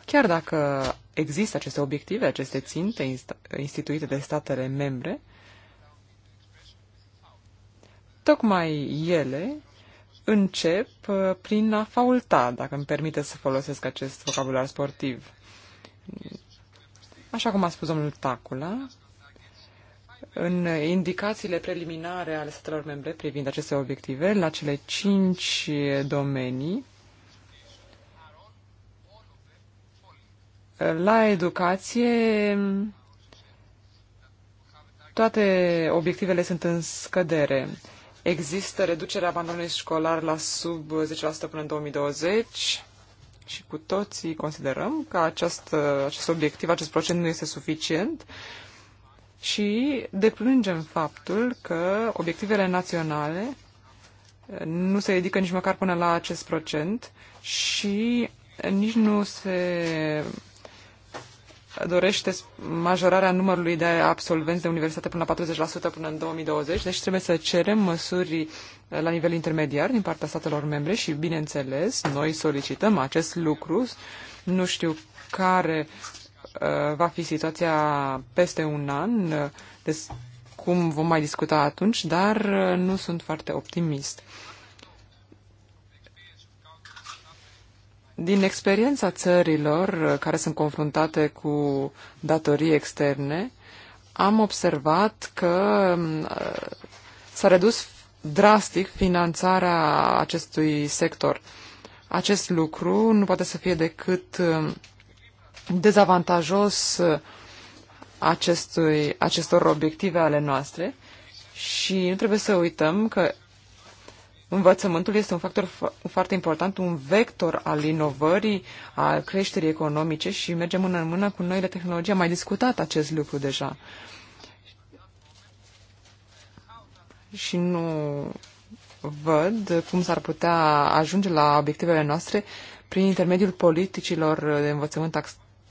Chiar dacă există aceste obiective, aceste ținte instituite de statele membre, tocmai ele încep uh, prin a faulta, dacă îmi permite să folosesc acest vocabular sportiv. Așa cum a spus domnul Tacula, în indicațiile preliminare ale statelor membre privind aceste obiective la cele cinci domenii la educație toate obiectivele sunt în scădere. Există reducerea abandonului școlar la sub 10% până în 2020 și cu toții considerăm că acest, acest obiectiv, acest procent nu este suficient și deplângem faptul că obiectivele naționale nu se ridică nici măcar până la acest procent și nici nu se dorește majorarea numărului de absolvenți de universitate până la 40% până în 2020, deci trebuie să cerem măsuri la nivel intermediar din partea statelor membre și, bineînțeles, noi solicităm acest lucru. Nu știu care Uh, va fi situația peste un an, uh, des, cum vom mai discuta atunci, dar uh, nu sunt foarte optimist. Din experiența țărilor care sunt confruntate cu datorii externe, am observat că um, s-a redus drastic finanțarea acestui sector. Acest lucru nu poate să fie decât um, dezavantajos uh, acestui, acestor obiective ale noastre și nu trebuie să uităm că învățământul este un factor foarte important, un vector al inovării, al creșterii economice și mergem mână în mână cu noile tehnologii. Am mai discutat acest lucru deja. Și nu văd cum s-ar putea ajunge la obiectivele noastre prin intermediul politicilor de învățământ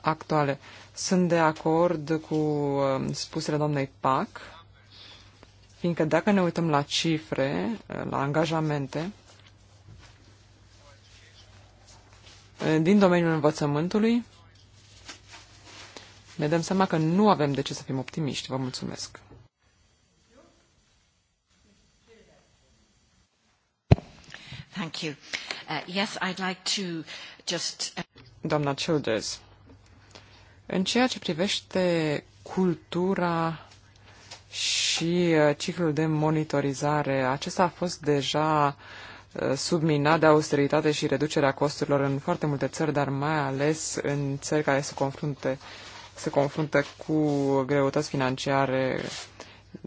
actuale. Sunt de acord cu um, spusele doamnei PAC, fiindcă dacă ne uităm la cifre, uh, la angajamente, uh, din domeniul învățământului, ne dăm seama că nu avem de ce să fim optimiști. Vă mulțumesc. Thank you. Uh, yes, I'd like to just... Uh, Doamna Childers, în ceea ce privește cultura și uh, ciclul de monitorizare, acesta a fost deja uh, subminat de austeritate și reducerea costurilor în foarte multe țări, dar mai ales în țări care se, confrunte, se confruntă cu greutăți financiare,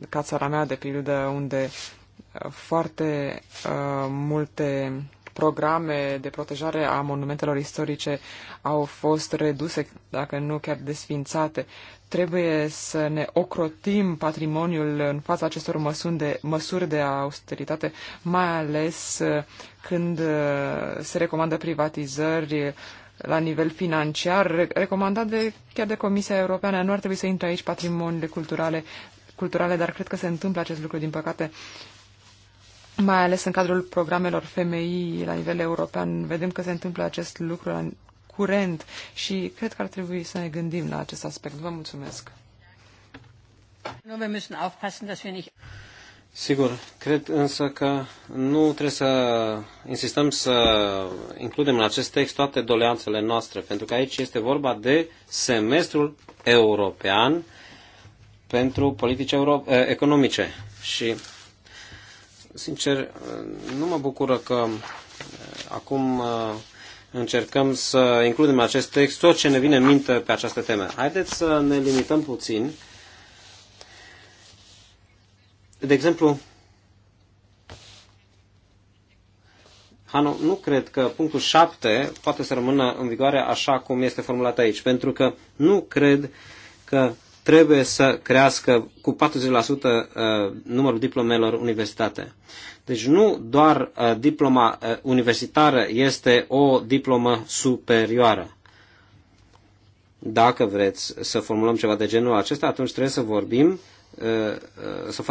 ca țara mea, de pildă, unde uh, foarte uh, multe programe de protejare a monumentelor istorice au fost reduse, dacă nu chiar desfințate. Trebuie să ne ocrotim patrimoniul în fața acestor măsuri de, măsuri de austeritate, mai ales uh, când uh, se recomandă privatizări uh, la nivel financiar, recomandat de, chiar de Comisia Europeană. Nu ar trebui să intre aici patrimoniile culturale, culturale, dar cred că se întâmplă acest lucru, din păcate. Uh, mai ales în cadrul programelor femei la nivel european, vedem că se întâmplă acest lucru în curent și cred că ar trebui să ne gândim la acest aspect. Vă mulțumesc! Sigur, cred însă că nu trebuie să insistăm să includem în acest text toate doleanțele noastre, pentru că aici este vorba de semestrul european pentru politici euro- eh, economice. Și Sincer, nu mă bucură că uh, acum uh, încercăm să includem acest text tot ce ne vine în minte pe această temă. Haideți să ne limităm puțin. De exemplu, Hanu, nu cred că punctul 7 poate să rămână în vigoare așa cum este formulat aici, pentru că nu cred că trebuie să crească cu 40% uh, numărul diplomelor universitate. Deci nu doar uh, diploma uh, universitară este o diplomă superioară. Dacă vreți să formulăm ceva de genul acesta, atunci trebuie să vorbim să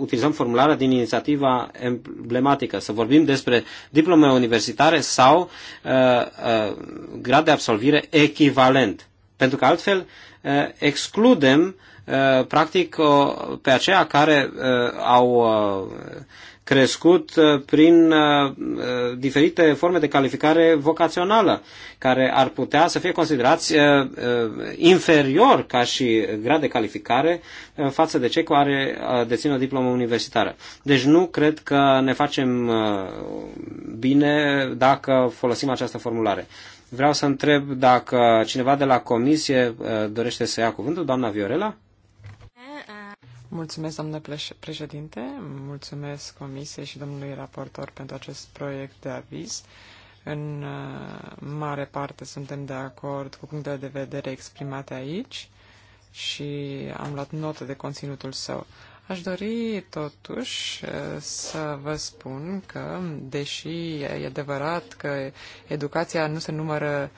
utilizăm formularea din inițiativa emblematică, să vorbim despre diplome universitare sau grad de absolvire echivalent. Pentru că altfel uh, excludem uh, practic pe aceia care uh, au crescut prin diferite forme de calificare vocațională, care ar putea să fie considerați inferior ca și grad de calificare față de cei care dețin o diplomă universitară. Deci nu cred că ne facem bine dacă folosim această formulare. Vreau să întreb dacă cineva de la comisie uh, dorește să ia cuvântul, doamna Viorela? Mulțumesc, doamnă președinte, mulțumesc comisiei și domnului raportor pentru acest proiect de aviz. În uh, mare parte suntem de acord cu punctele de vedere exprimate aici și am luat notă de conținutul său. Aș dori totuși eh, să vă spun că, deși e adevărat că educația nu se numără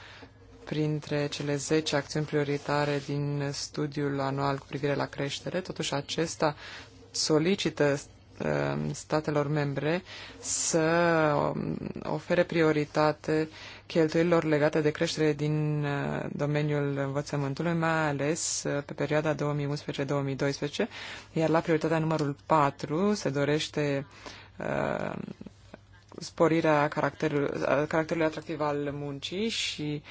printre cele 10 acțiuni prioritare din studiul anual cu privire la creștere, totuși acesta solicită Um, statelor membre să um, ofere prioritate cheltuielilor legate de creștere din uh, domeniul învățământului, mai ales uh, pe perioada 2011-2012, iar la prioritatea numărul 4 se dorește uh, sporirea caracterului, caracterului atractiv al muncii și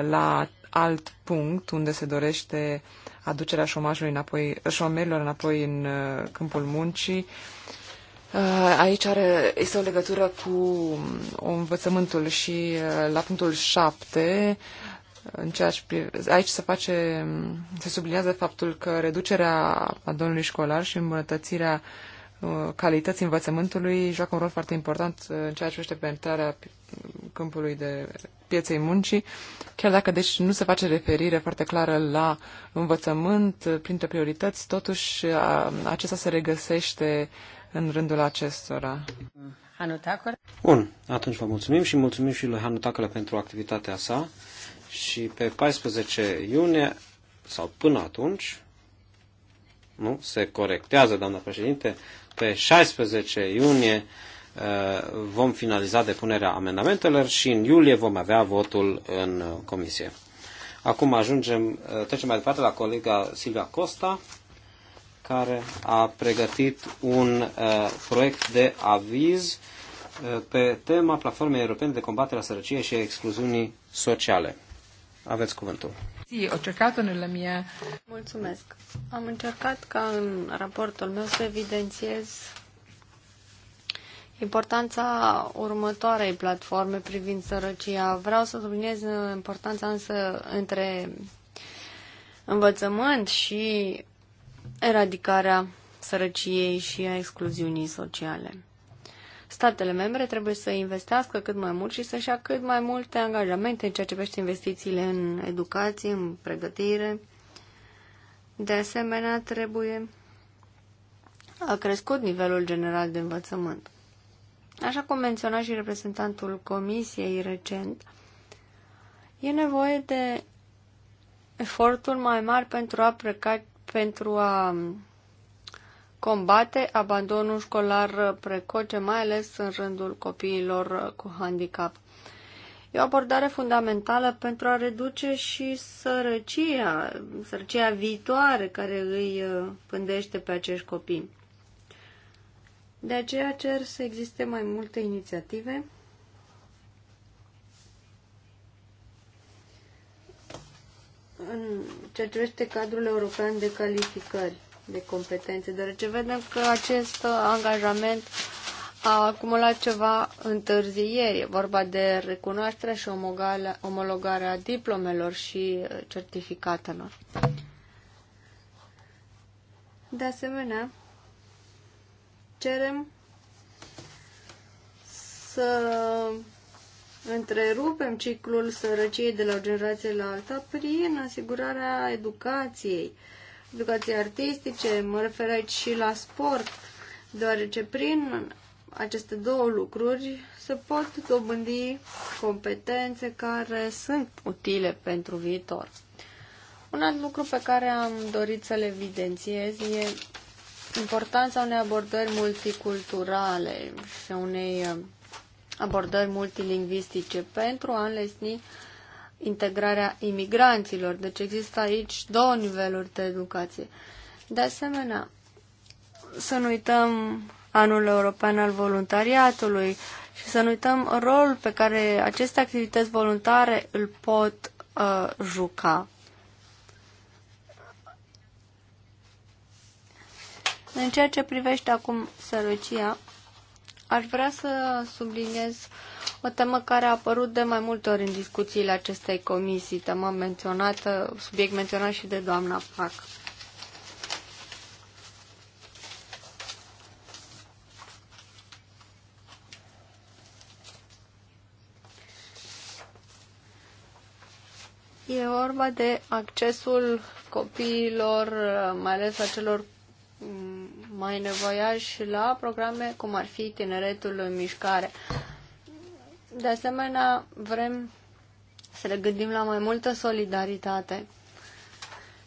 la alt punct unde se dorește uh, aducerea șomajului înapoi, șomerilor înapoi în uh, câmpul muncii. Uh, aici are, este o legătură cu um, învățământul și uh, la punctul 7 în ceea ce, aici se face, um, se subliniază faptul că reducerea domnului școlar și îmbunătățirea uh, calității învățământului joacă un rol foarte important uh, în ceea ce privește penetrarea câmpului de pieței muncii, chiar dacă deci nu se face referire foarte clară la învățământ uh, printre priorități, totuși uh, acesta se regăsește în rândul acestora. Bun, atunci vă mulțumim și mulțumim și lui Hanu Tacălă pentru activitatea sa și pe 14 iunie sau până atunci, nu, se corectează, doamna președinte, pe 16 iunie uh, vom finaliza depunerea amendamentelor și în iulie vom avea votul în comisie. Acum ajungem, uh, trecem mai departe la colega Silvia Costa, care a pregătit un uh, proiect de aviz uh, pe tema Platformei Europene de Combatere a Sărăciei și a Excluziunii Sociale. Aveți cuvântul. Mulțumesc. Am încercat ca în raportul meu să evidențiez importanța următoarei platforme privind sărăcia. Vreau să subliniez importanța însă între învățământ și eradicarea sărăciei și a excluziunii sociale. Statele membre trebuie să investească cât mai mult și să-și ia cât mai multe angajamente în ceea ce privește investițiile în educație, în pregătire. De asemenea, trebuie a crescut nivelul general de învățământ. Așa cum menționa și reprezentantul Comisiei recent, e nevoie de eforturi mai mari pentru a, preca, pentru a combate abandonul școlar precoce, mai ales în rândul copiilor cu handicap. E o abordare fundamentală pentru a reduce și sărăcia, sărăcia viitoare care îi uh, pândește pe acești copii. De aceea cer să existe mai multe inițiative în ceea ce privește cadrul european de calificări de competențe, deoarece vedem că acest angajament a acumulat ceva întârzieri. E vorba de recunoașterea și omologarea diplomelor și uh, certificatelor. De asemenea, cerem să întrerupem ciclul sărăciei de la o generație la alta prin asigurarea educației educație artistice, mă refer aici și la sport, deoarece prin aceste două lucruri se pot dobândi competențe care sunt utile pentru viitor. Un alt lucru pe care am dorit să-l evidențiez e importanța unei abordări multiculturale și unei abordări multilingvistice pentru a înlesni integrarea imigranților. Deci există aici două niveluri de educație. De asemenea, să nu uităm anul european al voluntariatului și să nu uităm rolul pe care aceste activități voluntare îl pot uh, juca. În ceea ce privește acum sărăcia, aș vrea să subliniez uh, o temă care a apărut de mai multe ori în discuțiile acestei comisii, temă menționată, subiect menționat și de doamna Pac. E vorba de accesul copiilor, mai ales a celor mm, mai nevoiași, la programe cum ar fi Tineretul în Mișcare. De asemenea, vrem să ne gândim la mai multă solidaritate.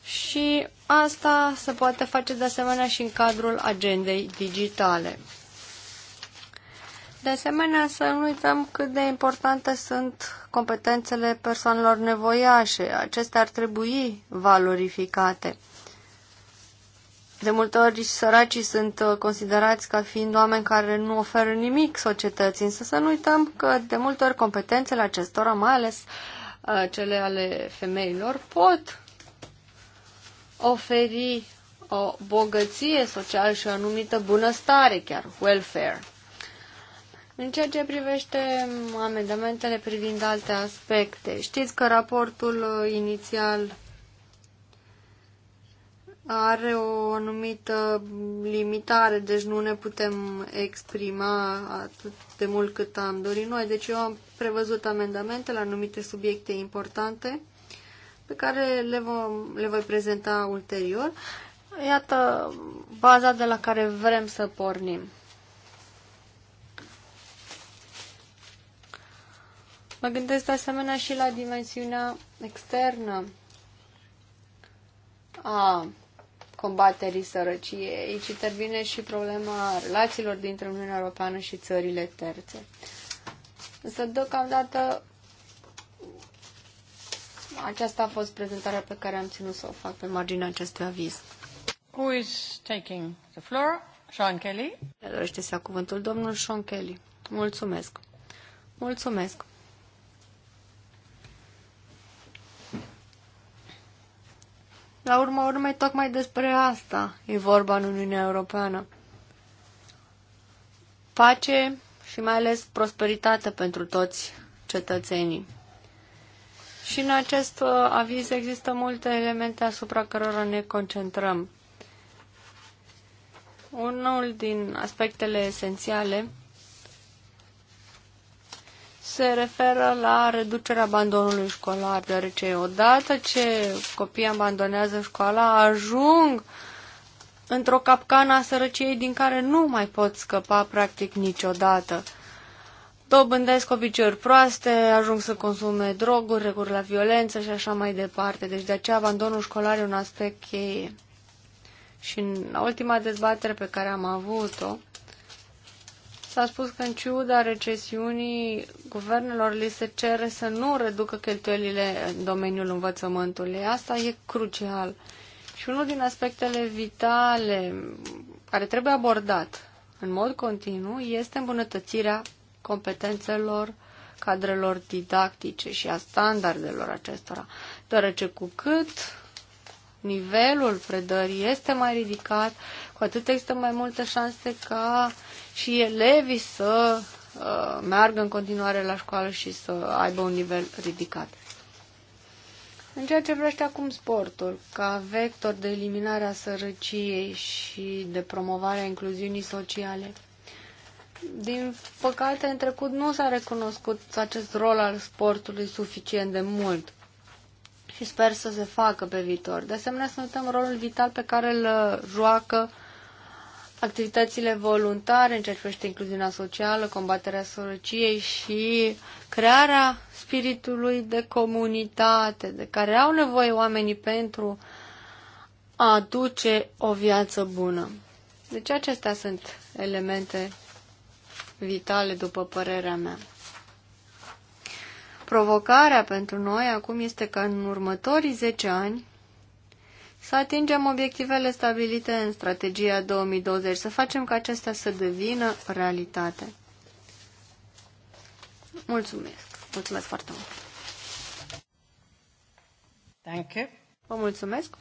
Și asta se poate face de asemenea și în cadrul agendei digitale. De asemenea, să nu uităm cât de importante sunt competențele persoanelor nevoiașe. Acestea ar trebui valorificate. De multe ori săracii sunt uh, considerați ca fiind oameni care nu oferă nimic societății, însă să nu uităm că de multe ori competențele acestora, mai ales uh, cele ale femeilor, pot oferi o bogăție socială și o anumită bunăstare chiar, welfare. În ceea ce privește amendamentele privind alte aspecte, știți că raportul uh, inițial are o anumită limitare, deci nu ne putem exprima atât de mult cât am dorit noi. Deci eu am prevăzut amendamente la anumite subiecte importante pe care le, vom, le voi prezenta ulterior. Iată baza de la care vrem să pornim. Mă gândesc de asemenea și la dimensiunea externă a combaterii sărăciei. Aici intervine și problema relațiilor dintre Uniunea Europeană și țările terțe. Însă, deocamdată, aceasta a fost prezentarea pe care am ținut să o fac pe marginea acestui aviz. Who is taking the floor? Sean Kelly. dorește să ia cuvântul domnul Sean Kelly. Mulțumesc. Mulțumesc. La urma urmei, tocmai despre asta e vorba în Uniunea Europeană. Pace și mai ales prosperitate pentru toți cetățenii. Și în acest uh, aviz există multe elemente asupra cărora ne concentrăm. Unul din aspectele esențiale se referă la reducerea abandonului școlar, deoarece odată ce copiii abandonează școala, ajung într-o capcană a sărăciei din care nu mai pot scăpa practic niciodată. Dobândesc obiceiuri proaste, ajung să consume droguri, recur la violență și așa mai departe. Deci de aceea abandonul școlar e un aspect cheie. Și în ultima dezbatere pe care am avut-o, S-a spus că în ciuda recesiunii, guvernelor li se cere să nu reducă cheltuielile în domeniul învățământului. Asta e crucial. Și unul din aspectele vitale care trebuie abordat în mod continuu este îmbunătățirea competențelor cadrelor didactice și a standardelor acestora, deoarece cu cât nivelul predării este mai ridicat, cu atât există mai multe șanse ca și elevii să uh, meargă în continuare la școală și să aibă un nivel ridicat. În ceea ce vrește acum sportul, ca vector de eliminare a sărăciei și de promovare a incluziunii sociale, din păcate, în trecut nu s-a recunoscut acest rol al sportului suficient de mult și sper să se facă pe viitor. De asemenea, să notăm rolul vital pe care îl uh, joacă uh, activitățile voluntare în ceea incluziunea socială, combaterea sărăciei și crearea spiritului de comunitate de care au nevoie oamenii pentru a aduce o viață bună. Deci acestea sunt elemente vitale, după părerea mea. Provocarea pentru noi acum este că în următorii 10 ani să atingem obiectivele stabilite în strategia 2020, să facem ca acestea să devină realitate. Mulțumesc! Mulțumesc foarte mult! Danke. Vă mulțumesc!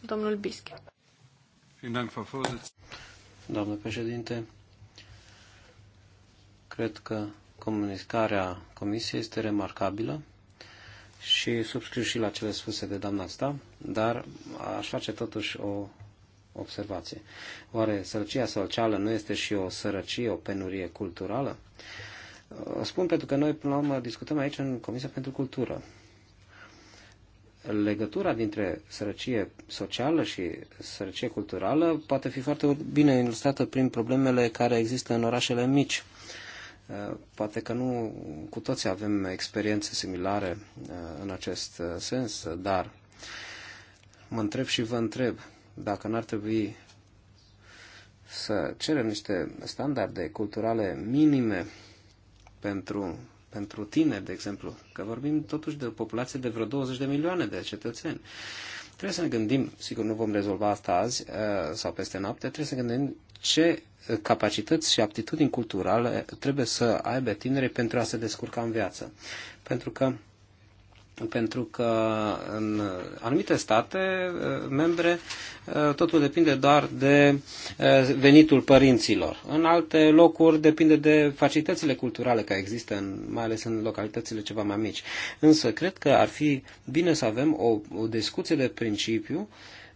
Domnul Bischi. Doamnă președinte, cred că comunicarea Comisiei este remarcabilă și subscriu și la cele spuse de doamna asta, dar aș face totuși o observație. Oare sărăcia socială nu este și o sărăcie, o penurie culturală? O spun pentru că noi, până la urmă, discutăm aici în Comisia pentru Cultură. Legătura dintre sărăcie socială și sărăcie culturală poate fi foarte bine ilustrată prin problemele care există în orașele mici Eh, poate că nu cu toții avem experiențe similare eh, în acest eh, sens, dar mă întreb și vă întreb dacă n-ar trebui să cerem niște standarde culturale minime pentru, pentru tineri, de exemplu, că vorbim totuși de o populație de vreo 20 de milioane de cetățeni. Trebuie să ne gândim, sigur nu vom rezolva asta azi uh, sau peste noapte, trebuie să ne gândim ce uh, capacități și aptitudini culturale trebuie să aibă tinerii pentru a se descurca în viață. Pentru că pentru că în anumite state eh, membre eh, totul depinde doar de eh, venitul părinților. În alte locuri depinde de facilitățile culturale care există, în, mai ales în localitățile ceva mai mici. Însă cred că ar fi bine să avem o, o discuție de principiu uh,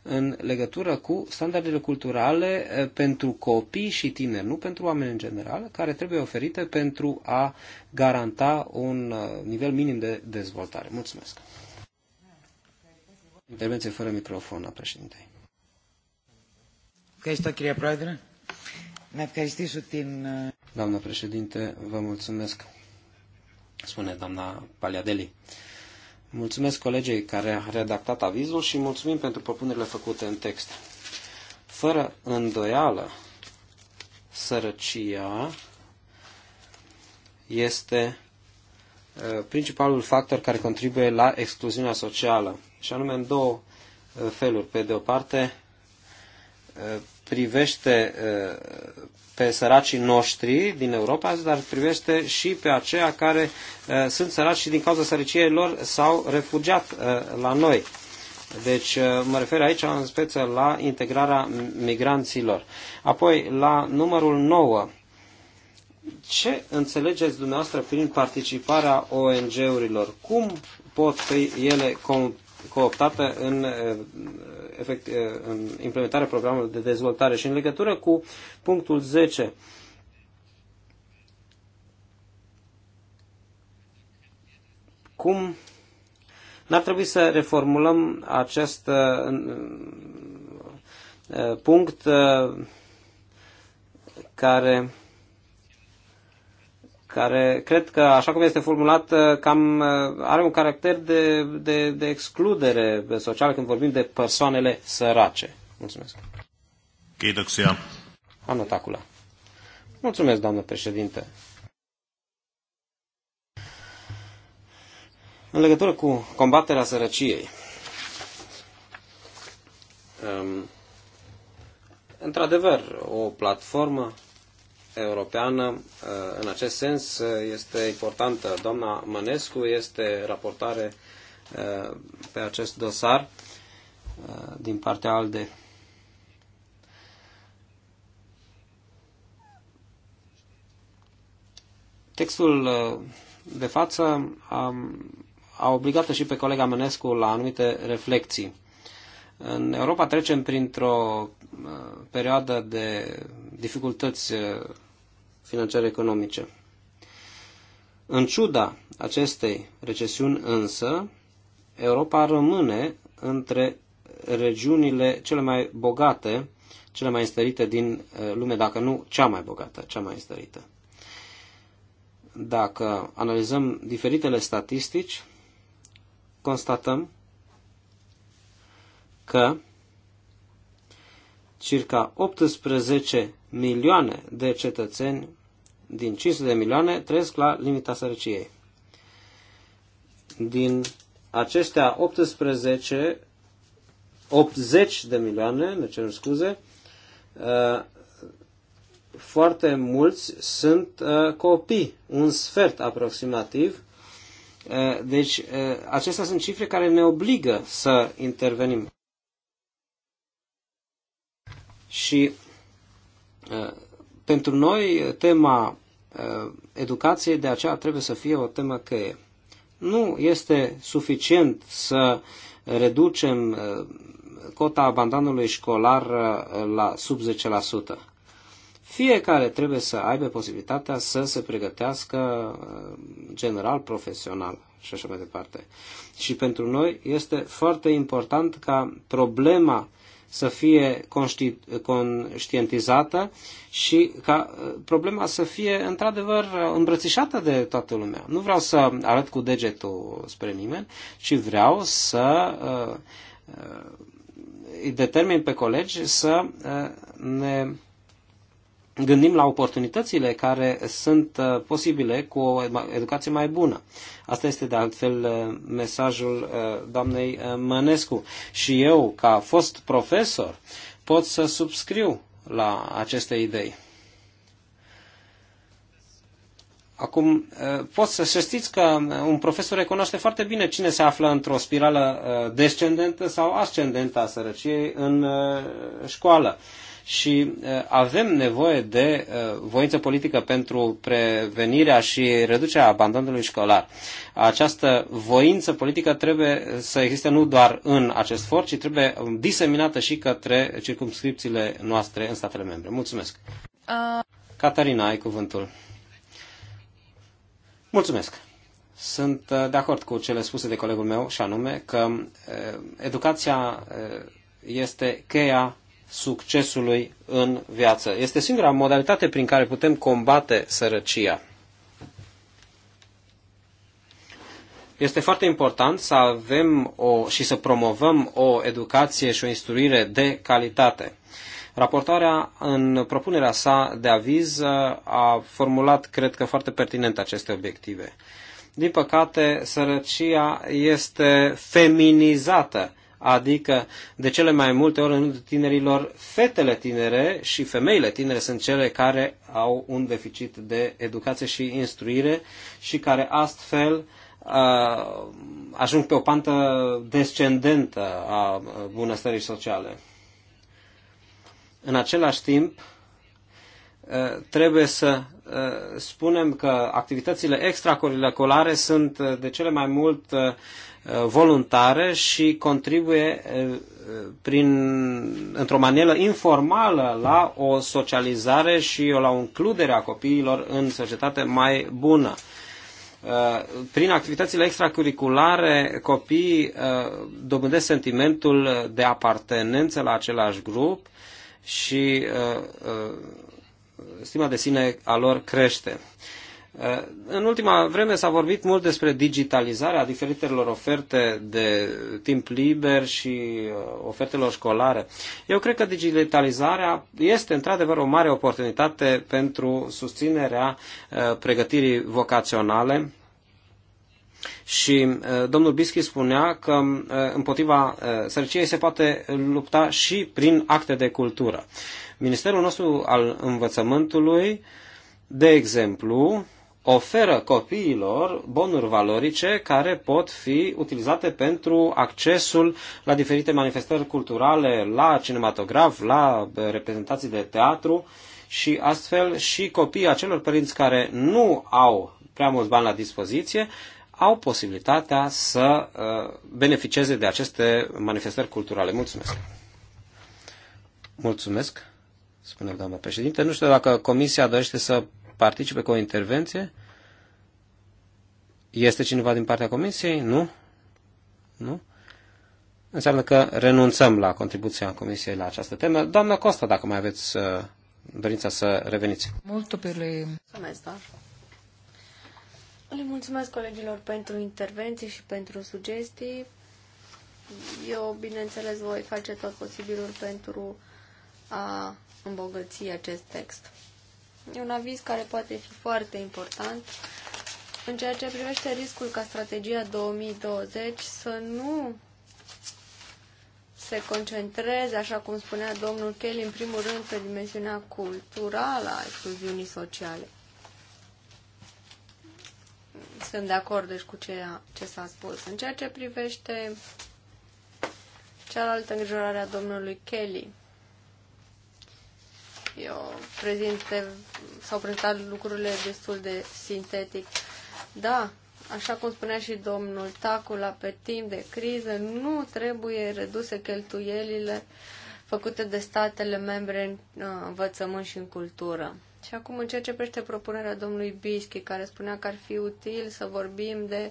în legătură cu standardele culturale eh, pentru copii și tineri, nu pentru oameni în general, care trebuie oferite pentru a garanta un eh, nivel minim de dezvoltare. Mulțumesc. Intervenție fără microfon a președintei. Doamna președinte, vă mulțumesc, spune doamna Paliadeli. Mulțumesc colegei care a redactat avizul și mulțumim pentru propunerile făcute în text. Fără îndoială, sărăcia este uh, principalul factor care contribuie la excluziunea socială, și anume în două uh, feluri. Pe de o parte, uh, privește pe săracii noștri din Europa, dar privește și pe aceia care sunt săraci și din cauza sărăciei lor s-au refugiat la noi. Deci mă refer aici în speță la integrarea migranților. Apoi, la numărul 9. Ce înțelegeți dumneavoastră prin participarea ONG-urilor? Cum pot fi ele cooptate în efect, eh, în implementarea programului de dezvoltare și în legătură cu punctul 10 cum n-ar trebui să reformulăm acest eh, eh, punct care care cred că, așa cum este formulat, uh, cam uh, are un caracter de, de, de excludere socială când vorbim de persoanele sărace. Mulțumesc. Kiitoksia. Anna Tacula. Mulțumesc, doamnă președinte. În legătură cu combaterea sărăciei, um, într-adevăr, o platformă Europeană uh, în acest sens uh, este importantă. Doamna Mănescu este raportare uh, pe acest dosar din partea ALDE. Textul de față um, a, a obligat și pe colega Mănescu la anumite reflexii. În Europa trecem printr-o perioadă de dificultăți financiare economice. În ciuda acestei recesiuni însă, Europa rămâne între regiunile cele mai bogate, cele mai înstărite din uh, lume, dacă nu cea mai bogată, cea mai înstărită. Dacă analizăm diferitele statistici, constatăm că circa 18 milioane de cetățeni din 500 de milioane trăiesc la limita sărăciei. Din aceștia 18, 80 de milioane, ne cerem scuze, uh, foarte mulți sunt uh, copii, un sfert aproximativ. Uh, deci, acestea sunt cifre care ne obligă să intervenim. Și pentru noi, tema educației de aceea trebuie să fie o temă cheie. Nu este suficient să reducem cota abandonului școlar la sub 10%. Fiecare trebuie să aibă posibilitatea să se pregătească general, profesional și așa mai departe. Și pentru noi este foarte important ca problema să fie conștientizată și ca uh, problema să fie într-adevăr uh, îmbrățișată de toată lumea. Nu vreau să arăt cu degetul spre nimeni, ci vreau să uh, îi determin pe colegi să ne gândim la oportunitățile care sunt uh, posibile cu o educație mai bună. Asta este de altfel uh, mesajul uh, doamnei Mănescu. Și eu, ca fost profesor, pot să subscriu la aceste idei. Acum, pot să, să știți că un profesor recunoaște foarte bine cine se află într-o spirală descendentă sau ascendentă a sărăciei în școală și uh, avem nevoie de uh, voință politică pentru prevenirea și reducerea abandonului școlar. Această voință politică trebuie să existe nu doar în acest for, ci trebuie diseminată și către circumscripțiile noastre în statele membre. Mulțumesc! Uh... Catarina, ai cuvântul. Mulțumesc! Sunt uh, de acord cu cele spuse de colegul meu și anume că educația este cheia succesului în viață. Este singura modalitate prin care putem combate sărăcia. Este foarte important să avem o, și să promovăm o educație și o instruire de calitate. Raportarea în propunerea sa de aviz uh, a formulat, cred că, foarte pertinent aceste obiective. Din păcate, sărăcia este feminizată adică de cele mai multe ori în rândul tinerilor, fetele tinere și femeile tinere sunt cele care au un deficit de educație și instruire și care astfel uh, ajung pe o pantă descendentă a bunăstării sociale. În același timp, uh, trebuie să uh, spunem că activitățile extracurriculare sunt de cele mai mult Uh, voluntară și contribuie uh, uh, prin, într-o manieră informală la o socializare și la o includere a copiilor în societate mai bună. Prin activitățile extracurriculare, copiii dobândesc sentimentul de apartenență la același grup și stima de sine a lor crește. Uh, Eh, în ultima vreme s-a vorbit mult despre digitalizarea diferitelor oferte de timp liber și eh, ofertelor școlare. Eu cred că digitalizarea este într-adevăr o mare oportunitate pentru susținerea eh, pregătirii vocaționale și domnul Bischi spunea că împotriva sărăciei se poate lupta și prin acte de cultură. Ministerul nostru al învățământului, de exemplu, oferă copiilor bonuri valorice care pot fi utilizate pentru accesul la diferite manifestări culturale, la cinematograf, la reprezentații de teatru și astfel și copiii acelor părinți care nu au prea mulți bani la dispoziție au posibilitatea să ă, beneficieze de aceste manifestări culturale. Mulțumesc! Mulțumesc, spune doamna președinte. Nu știu dacă comisia dorește să participe cu o intervenție? Este cineva din partea comisiei? Nu? Nu? Înseamnă că renunțăm la contribuția comisiei la această temă. Doamna Costa, dacă mai aveți uh, dorința să reveniți. Mulțumesc, da. Le mulțumesc colegilor pentru intervenții și pentru sugestii. Eu, bineînțeles, voi face tot posibilul pentru a îmbogăți acest text. E un aviz care poate fi foarte important în ceea ce privește riscul ca strategia 2020 să nu se concentreze, așa cum spunea domnul Kelly, în primul rând pe dimensiunea culturală a excluziunii sociale. Sunt de acord deci cu ceea ce s-a spus. În ceea ce privește cealaltă îngrijorare a domnului Kelly, eu prezinte, s-au prezentat lucrurile destul de sintetic. Da, așa cum spunea și domnul Tacula, pe timp de criză nu trebuie reduse cheltuielile făcute de statele membre în uh, învățământ și în cultură. Și acum în ceea ce prește propunerea domnului Bischi, care spunea că ar fi util să vorbim de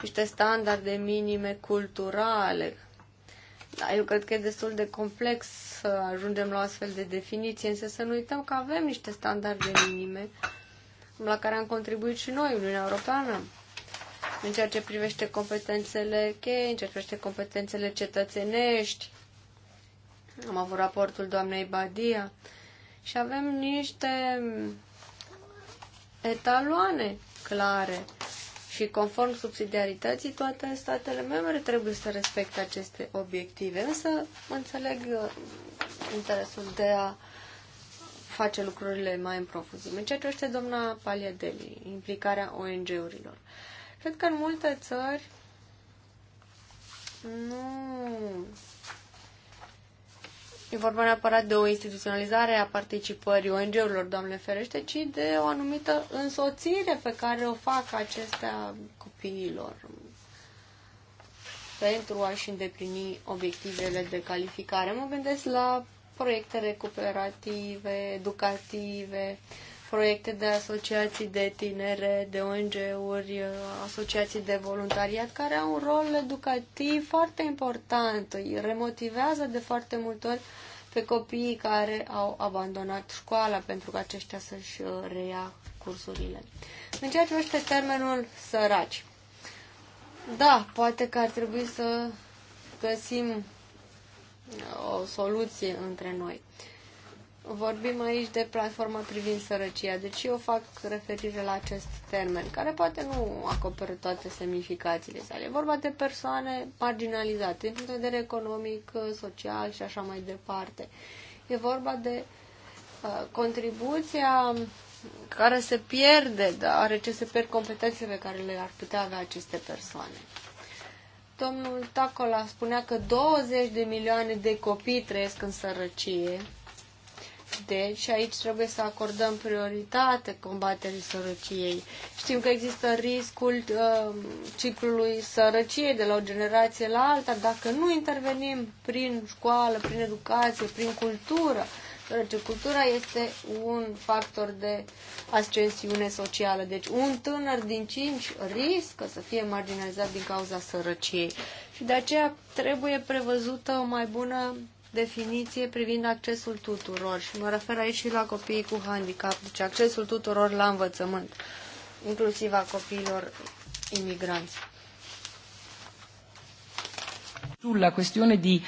niște standarde minime culturale da, eu cred că e destul de complex să ajungem la o astfel de definiție, însă să nu uităm că avem niște standarde minime la care am contribuit și noi, Uniunea Europeană, în ceea ce privește competențele cheie, în ceea ce privește competențele cetățenești. Am avut raportul doamnei Badia și avem niște etaloane clare și conform subsidiarității, toate statele membre trebuie să respecte aceste obiective, însă înțeleg uh, interesul de a face lucrurile mai în profunzime. Ceea ce este doamna Paliadeli, implicarea ONG-urilor. Cred că în multe țări nu E vorba neapărat de o instituționalizare a participării ONG-urilor, Doamne ferește, ci de o anumită însoțire pe care o fac acestea copiilor pentru a-și îndeplini obiectivele de calificare. Mă gândesc la proiecte recuperative, educative, uh, proiecte de asociații de tinere, de ONG-uri, asociații de voluntariat, care au un rol educativ foarte important. Îi remotivează de foarte multe ori pe copiii care au abandonat școala pentru că aceștia să-și uh, reia cursurile. În ceea ce este termenul săraci, da, poate că ar trebui să găsim uh, o soluție între noi. Uh, Vorbim aici de platforma privind sărăcia, deci eu fac referire la acest termen, care poate nu acoperă toate semnificațiile sale. E vorba de persoane marginalizate, din punct de vedere economic, social și așa mai departe. E vorba de uh, contribuția care se pierde, dar ce se pierd competențele pe care le-ar putea avea aceste persoane. Domnul Tacola spunea că 20 de milioane de copii trăiesc în sărăcie, de, și aici trebuie să acordăm prioritate combaterii sărăciei. Știm că există riscul uh, ciclului sărăciei de la o generație la alta. Dacă nu intervenim prin școală, prin educație, prin cultură, deoarece cultura este un factor de ascensiune socială. Deci un tânăr din cinci riscă să fie marginalizat din cauza sărăciei. Și de aceea trebuie prevăzută o mai bună definiție privind accesul tuturor și mă refer aici și la copiii cu handicap, deci accesul tuturor la învățământ, inclusiv a copiilor imigranți. La chestiune de...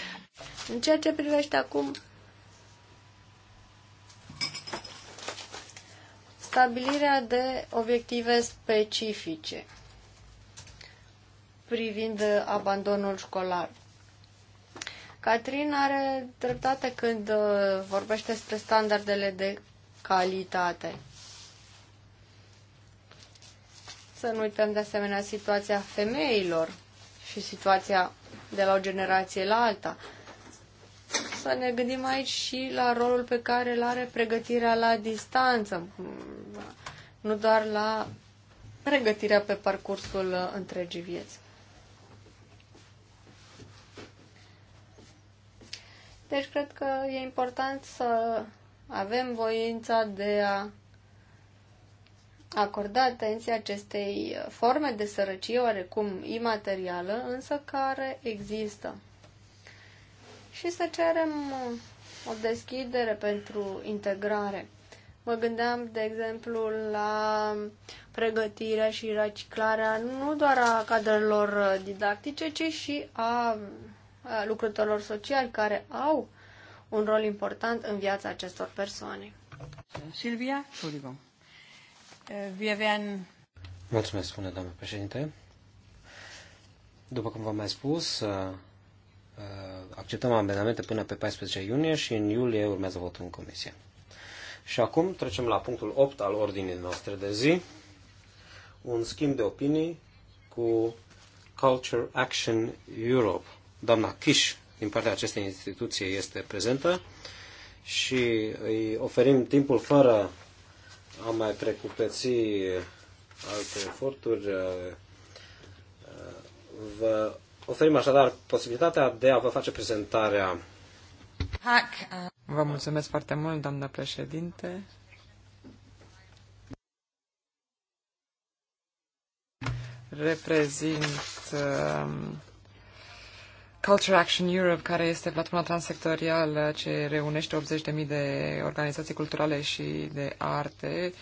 În ceea ce privește acum stabilirea de obiective specifice privind abandonul școlar. Catrin are dreptate când uh, vorbește despre standardele de calitate. Să nu uităm de asemenea situația femeilor și situația de la o generație la alta. Să ne gândim aici și la rolul pe care îl are pregătirea la distanță, nu doar la pregătirea pe parcursul uh, întregii vieți. Deci cred că e important să avem voința de a acorda atenție acestei forme de sărăcie oarecum imaterială, însă care există. Și să cerem o deschidere pentru integrare. Mă gândeam, de exemplu, la pregătirea și reciclarea nu doar a cadrelor didactice, ci și a Uh, lucrătorilor sociali care au un rol important în viața acestor persoane. Silvia Șuribon. Vi aveam... Mulțumesc, spune doamna președinte. După cum v-am mai spus, uh, uh, acceptăm amendamente până pe 14 iunie și în iulie urmează votul în comisie. Și acum trecem la punctul 8 al ordinii noastre de zi, un schimb de opinii cu Culture Action Europe. Doamna Kish, din partea acestei instituții, este prezentă și îi oferim timpul fără a mai precupeți alte eforturi. Vă oferim așadar posibilitatea de a vă face prezentarea. Vă mulțumesc foarte mult, doamnă președinte. Reprezint uh, Culture Action Europe, care este platforma transsectorială ce reunește 80.000 de organizații culturale și de arte,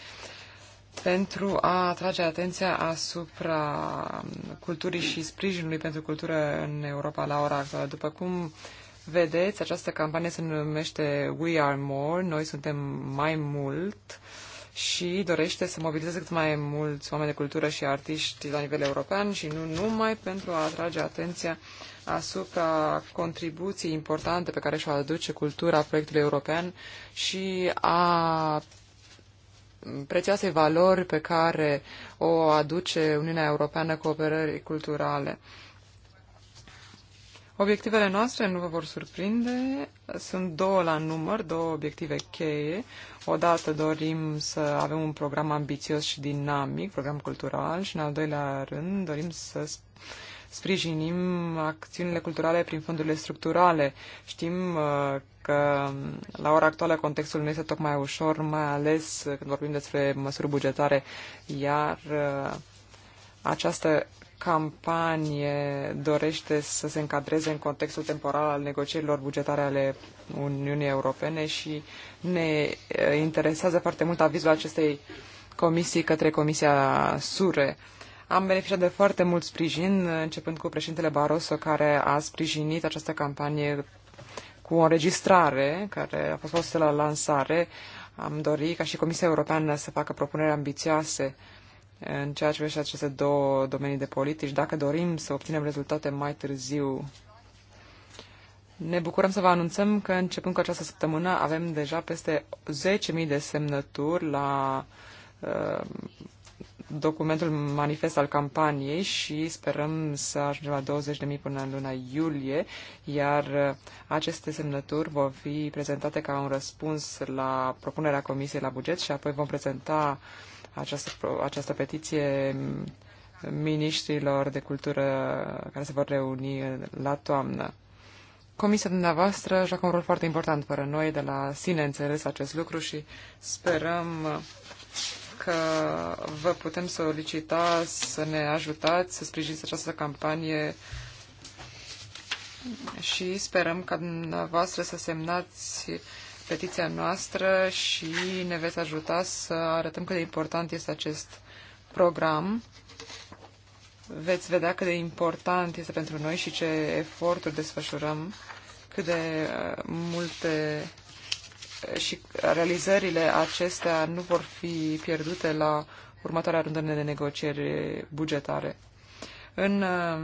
pentru a atrage atenția asupra culturii și sprijinului pentru cultură în Europa la ora actuală. După cum vedeți, această campanie se numește We Are More, noi suntem mai mult. Uh, și dorește să mobilizeze cât mai mulți oameni de cultură și artiști la nivel european și nu numai pentru a atrage atenția asupra contribuției importante pe care și-o aduce cultura proiectului european și a prețioase valori pe care o aduce Uniunea Europeană cooperării culturale. Obiectivele noastre nu vă vor surprinde, sunt două la număr, două obiective cheie. Odată dorim să avem un program ambițios și dinamic, program cultural, și în al doilea rând dorim să sprijinim acțiunile culturale prin fondurile structurale. Știm uh, că la ora actuală contextul nu este tocmai ușor, mai ales când vorbim despre măsuri bugetare, iar uh, această campanie dorește să se încadreze în contextul temporal al negocierilor bugetare ale Uniunii Europene și ne eh, interesează foarte mult avizul acestei comisii către Comisia SURE. Am beneficiat de foarte mult sprijin, începând cu președintele Barroso, care a sprijinit această campanie cu o înregistrare care a fost folosită la lansare. Am dorit ca și Comisia Europeană să facă propuneri ambițioase în ceea ce privește aceste două domenii de politici, dacă dorim să obținem rezultate mai târziu, ne bucurăm să vă anunțăm că începând cu această săptămână avem deja peste 10.000 de semnături la uh, documentul manifest al campaniei și sperăm să ajungem la 20.000 până în luna iulie, iar uh, aceste semnături vor fi prezentate ca un răspuns la propunerea Comisiei la buget și apoi vom prezenta uh, această, această petiție miniștrilor de cultură care se vor reuni la toamnă. Comisia dumneavoastră joacă un rol foarte important pentru noi, de la sine înțeles acest lucru și sperăm că vă putem solicita să ne ajutați să sprijiniți această campanie și sperăm ca dumneavoastră să semnați petiția noastră și ne veți ajuta să arătăm cât de important este acest program. Veți vedea cât de important este pentru noi și ce eforturi desfășurăm, cât de uh, multe uh, și realizările acestea nu vor fi pierdute la următoarea rundă de negocieri bugetare. În uh,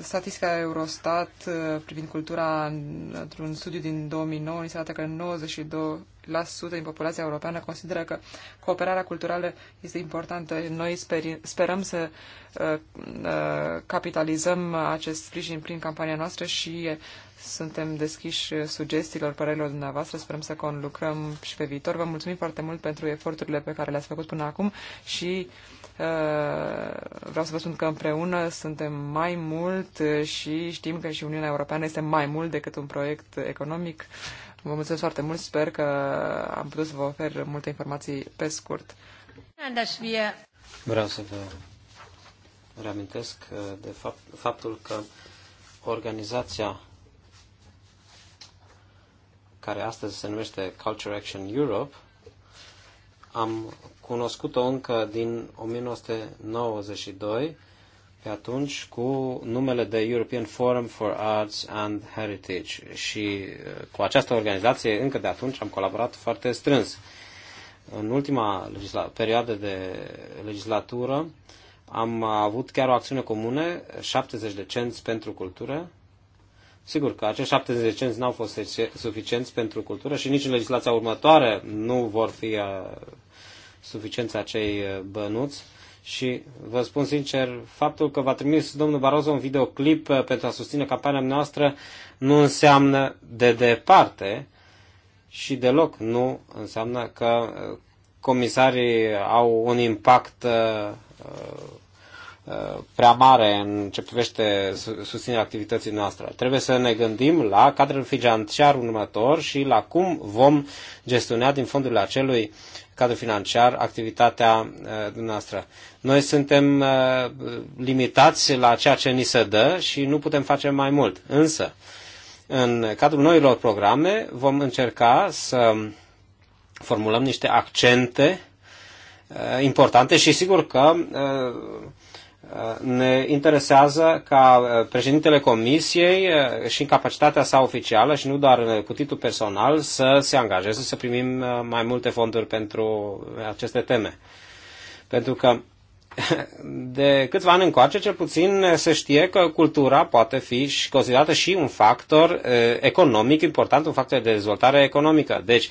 statistica Eurostat uh, privind cultura, într-un studiu din 2009, ni se arată că 92% din populația europeană consideră că cooperarea culturală este importantă. Noi sperăm să uh, capitalizăm acest sprijin prin campania noastră și suntem deschiși sugestiilor, părerilor dumneavoastră. Sperăm să conlucrăm și pe viitor. Vă mulțumim foarte mult pentru eforturile pe care le-ați făcut până acum și Uh, vreau să vă spun că împreună suntem mai mult și știm că și Uniunea Europeană este mai mult decât un proiect economic. Vă mulțumesc foarte mult, sper că am putut să vă ofer multe informații pe scurt. Vreau să vă reamintesc uh, de fapt, faptul că organizația care astăzi se numește Culture Action Europe, am cunoscut-o încă din 1992, pe atunci cu numele de European Forum for Arts and Heritage și uh, cu această organizație încă de atunci am colaborat foarte strâns. În ultima perioadă de legislatură am avut chiar o acțiune comună 70 de cenți pentru cultură. Sigur că acești 70 de cenți n-au fost suficienți pentru cultură și nici în legislația următoare nu vor fi uh, suficiența acei uh, bănuți și vă spun sincer, faptul că v-a trimis domnul Barozo un videoclip uh, pentru a susține campania noastră nu înseamnă de departe și deloc nu înseamnă că uh, comisarii au un impact prea mare în ce privește susținerea activității noastre. Trebuie să ne gândim la cadrul financiar următor și la cum vom gestiona din fondurile acelui cadrul financiar activitatea uh, noastră. Noi suntem uh, limitați la ceea ce ni se dă și nu putem face mai mult. Însă, în cadrul noilor programe vom încerca să formulăm niște accente uh, importante și sigur că ne interesează ca uh, președintele comisiei uh, și în capacitatea sa oficială și nu doar uh, cu titlu personal să se angajeze să primim mai multe fonduri pentru aceste teme. Pentru că (laughs) de câțiva ani încoace, cel puțin se știe că cultura poate fi și considerată și un factor economic important, un factor de dezvoltare economică. Deci,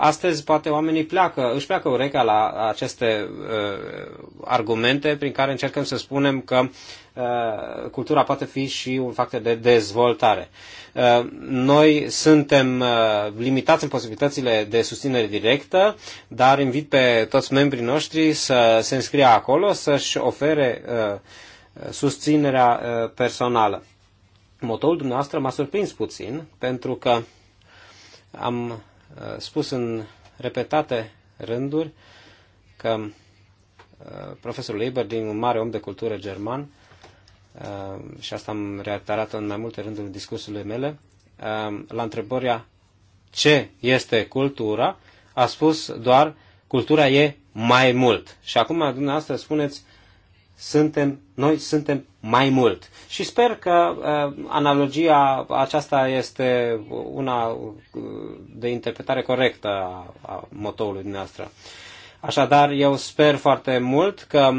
astăzi poate oamenii pleacă, își pleacă urechea la aceste argumente prin care încercăm să spunem că Uh, cultura poate fi și un factor de dezvoltare. Uh, noi suntem uh, limitați în posibilitățile de susținere directă, dar invit pe toți membrii noștri să se înscrie acolo, să-și ofere susținerea personală. Motoul dumneavoastră m-a surprins puțin, pentru că am spus în repetate rânduri că profesorul Leiber, din un mare om de cultură german, Ehm, și asta am reiterat în mai multe rânduri discursului mele, ehm, la întrebarea ce este cultura, a spus doar cultura e mai mult. Și acum dumneavoastră spuneți suntem, noi suntem mai mult. Și sper că uh, analogia aceasta este una uh, de interpretare corectă a, a motoului dumneavoastră. Uh, Așadar, eu sper foarte mult că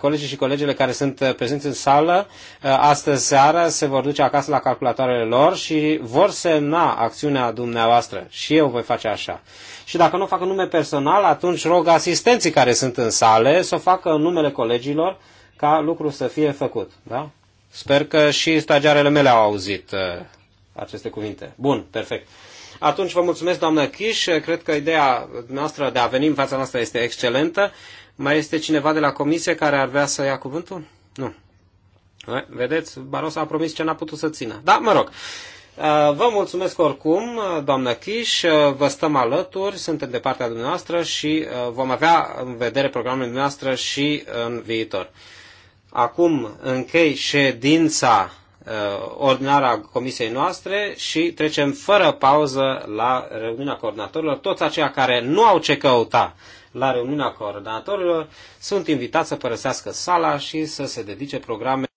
colegii și colegele care sunt uh, prezenți în sală uh, astăzi seara se vor duce acasă la calculatoarele lor și vor semna acțiunea dumneavoastră. Și eu voi face așa. Și dacă nu fac nume personal, atunci rog asistenții care sunt în sale să o facă în numele colegilor ca lucru să fie făcut. Da? Sper că și stagiarele mele au auzit uh, aceste cuvinte. Bun, perfect. Atunci vă mulțumesc, doamnă Chiș. Cred că ideea noastră de a veni în fața noastră este excelentă. Mai este cineva de la comisie care ar vrea să ia cuvântul? Nu. Eh, vedeți, Baros a promis ce n-a putut să țină. Da, mă rog. Eh, vă mulțumesc oricum, doamnă Chiș, vă stăm alături, suntem de partea dumneavoastră și eh, vom avea în vedere programul dumneavoastră și în viitor. Acum închei ședința Uh, ordinară comisiei noastre și trecem fără pauză la reuniunea coordonatorilor. Toți aceia care nu au ce căuta la reuniunea coordonatorilor sunt invitați să părăsească sala și să se dedice programe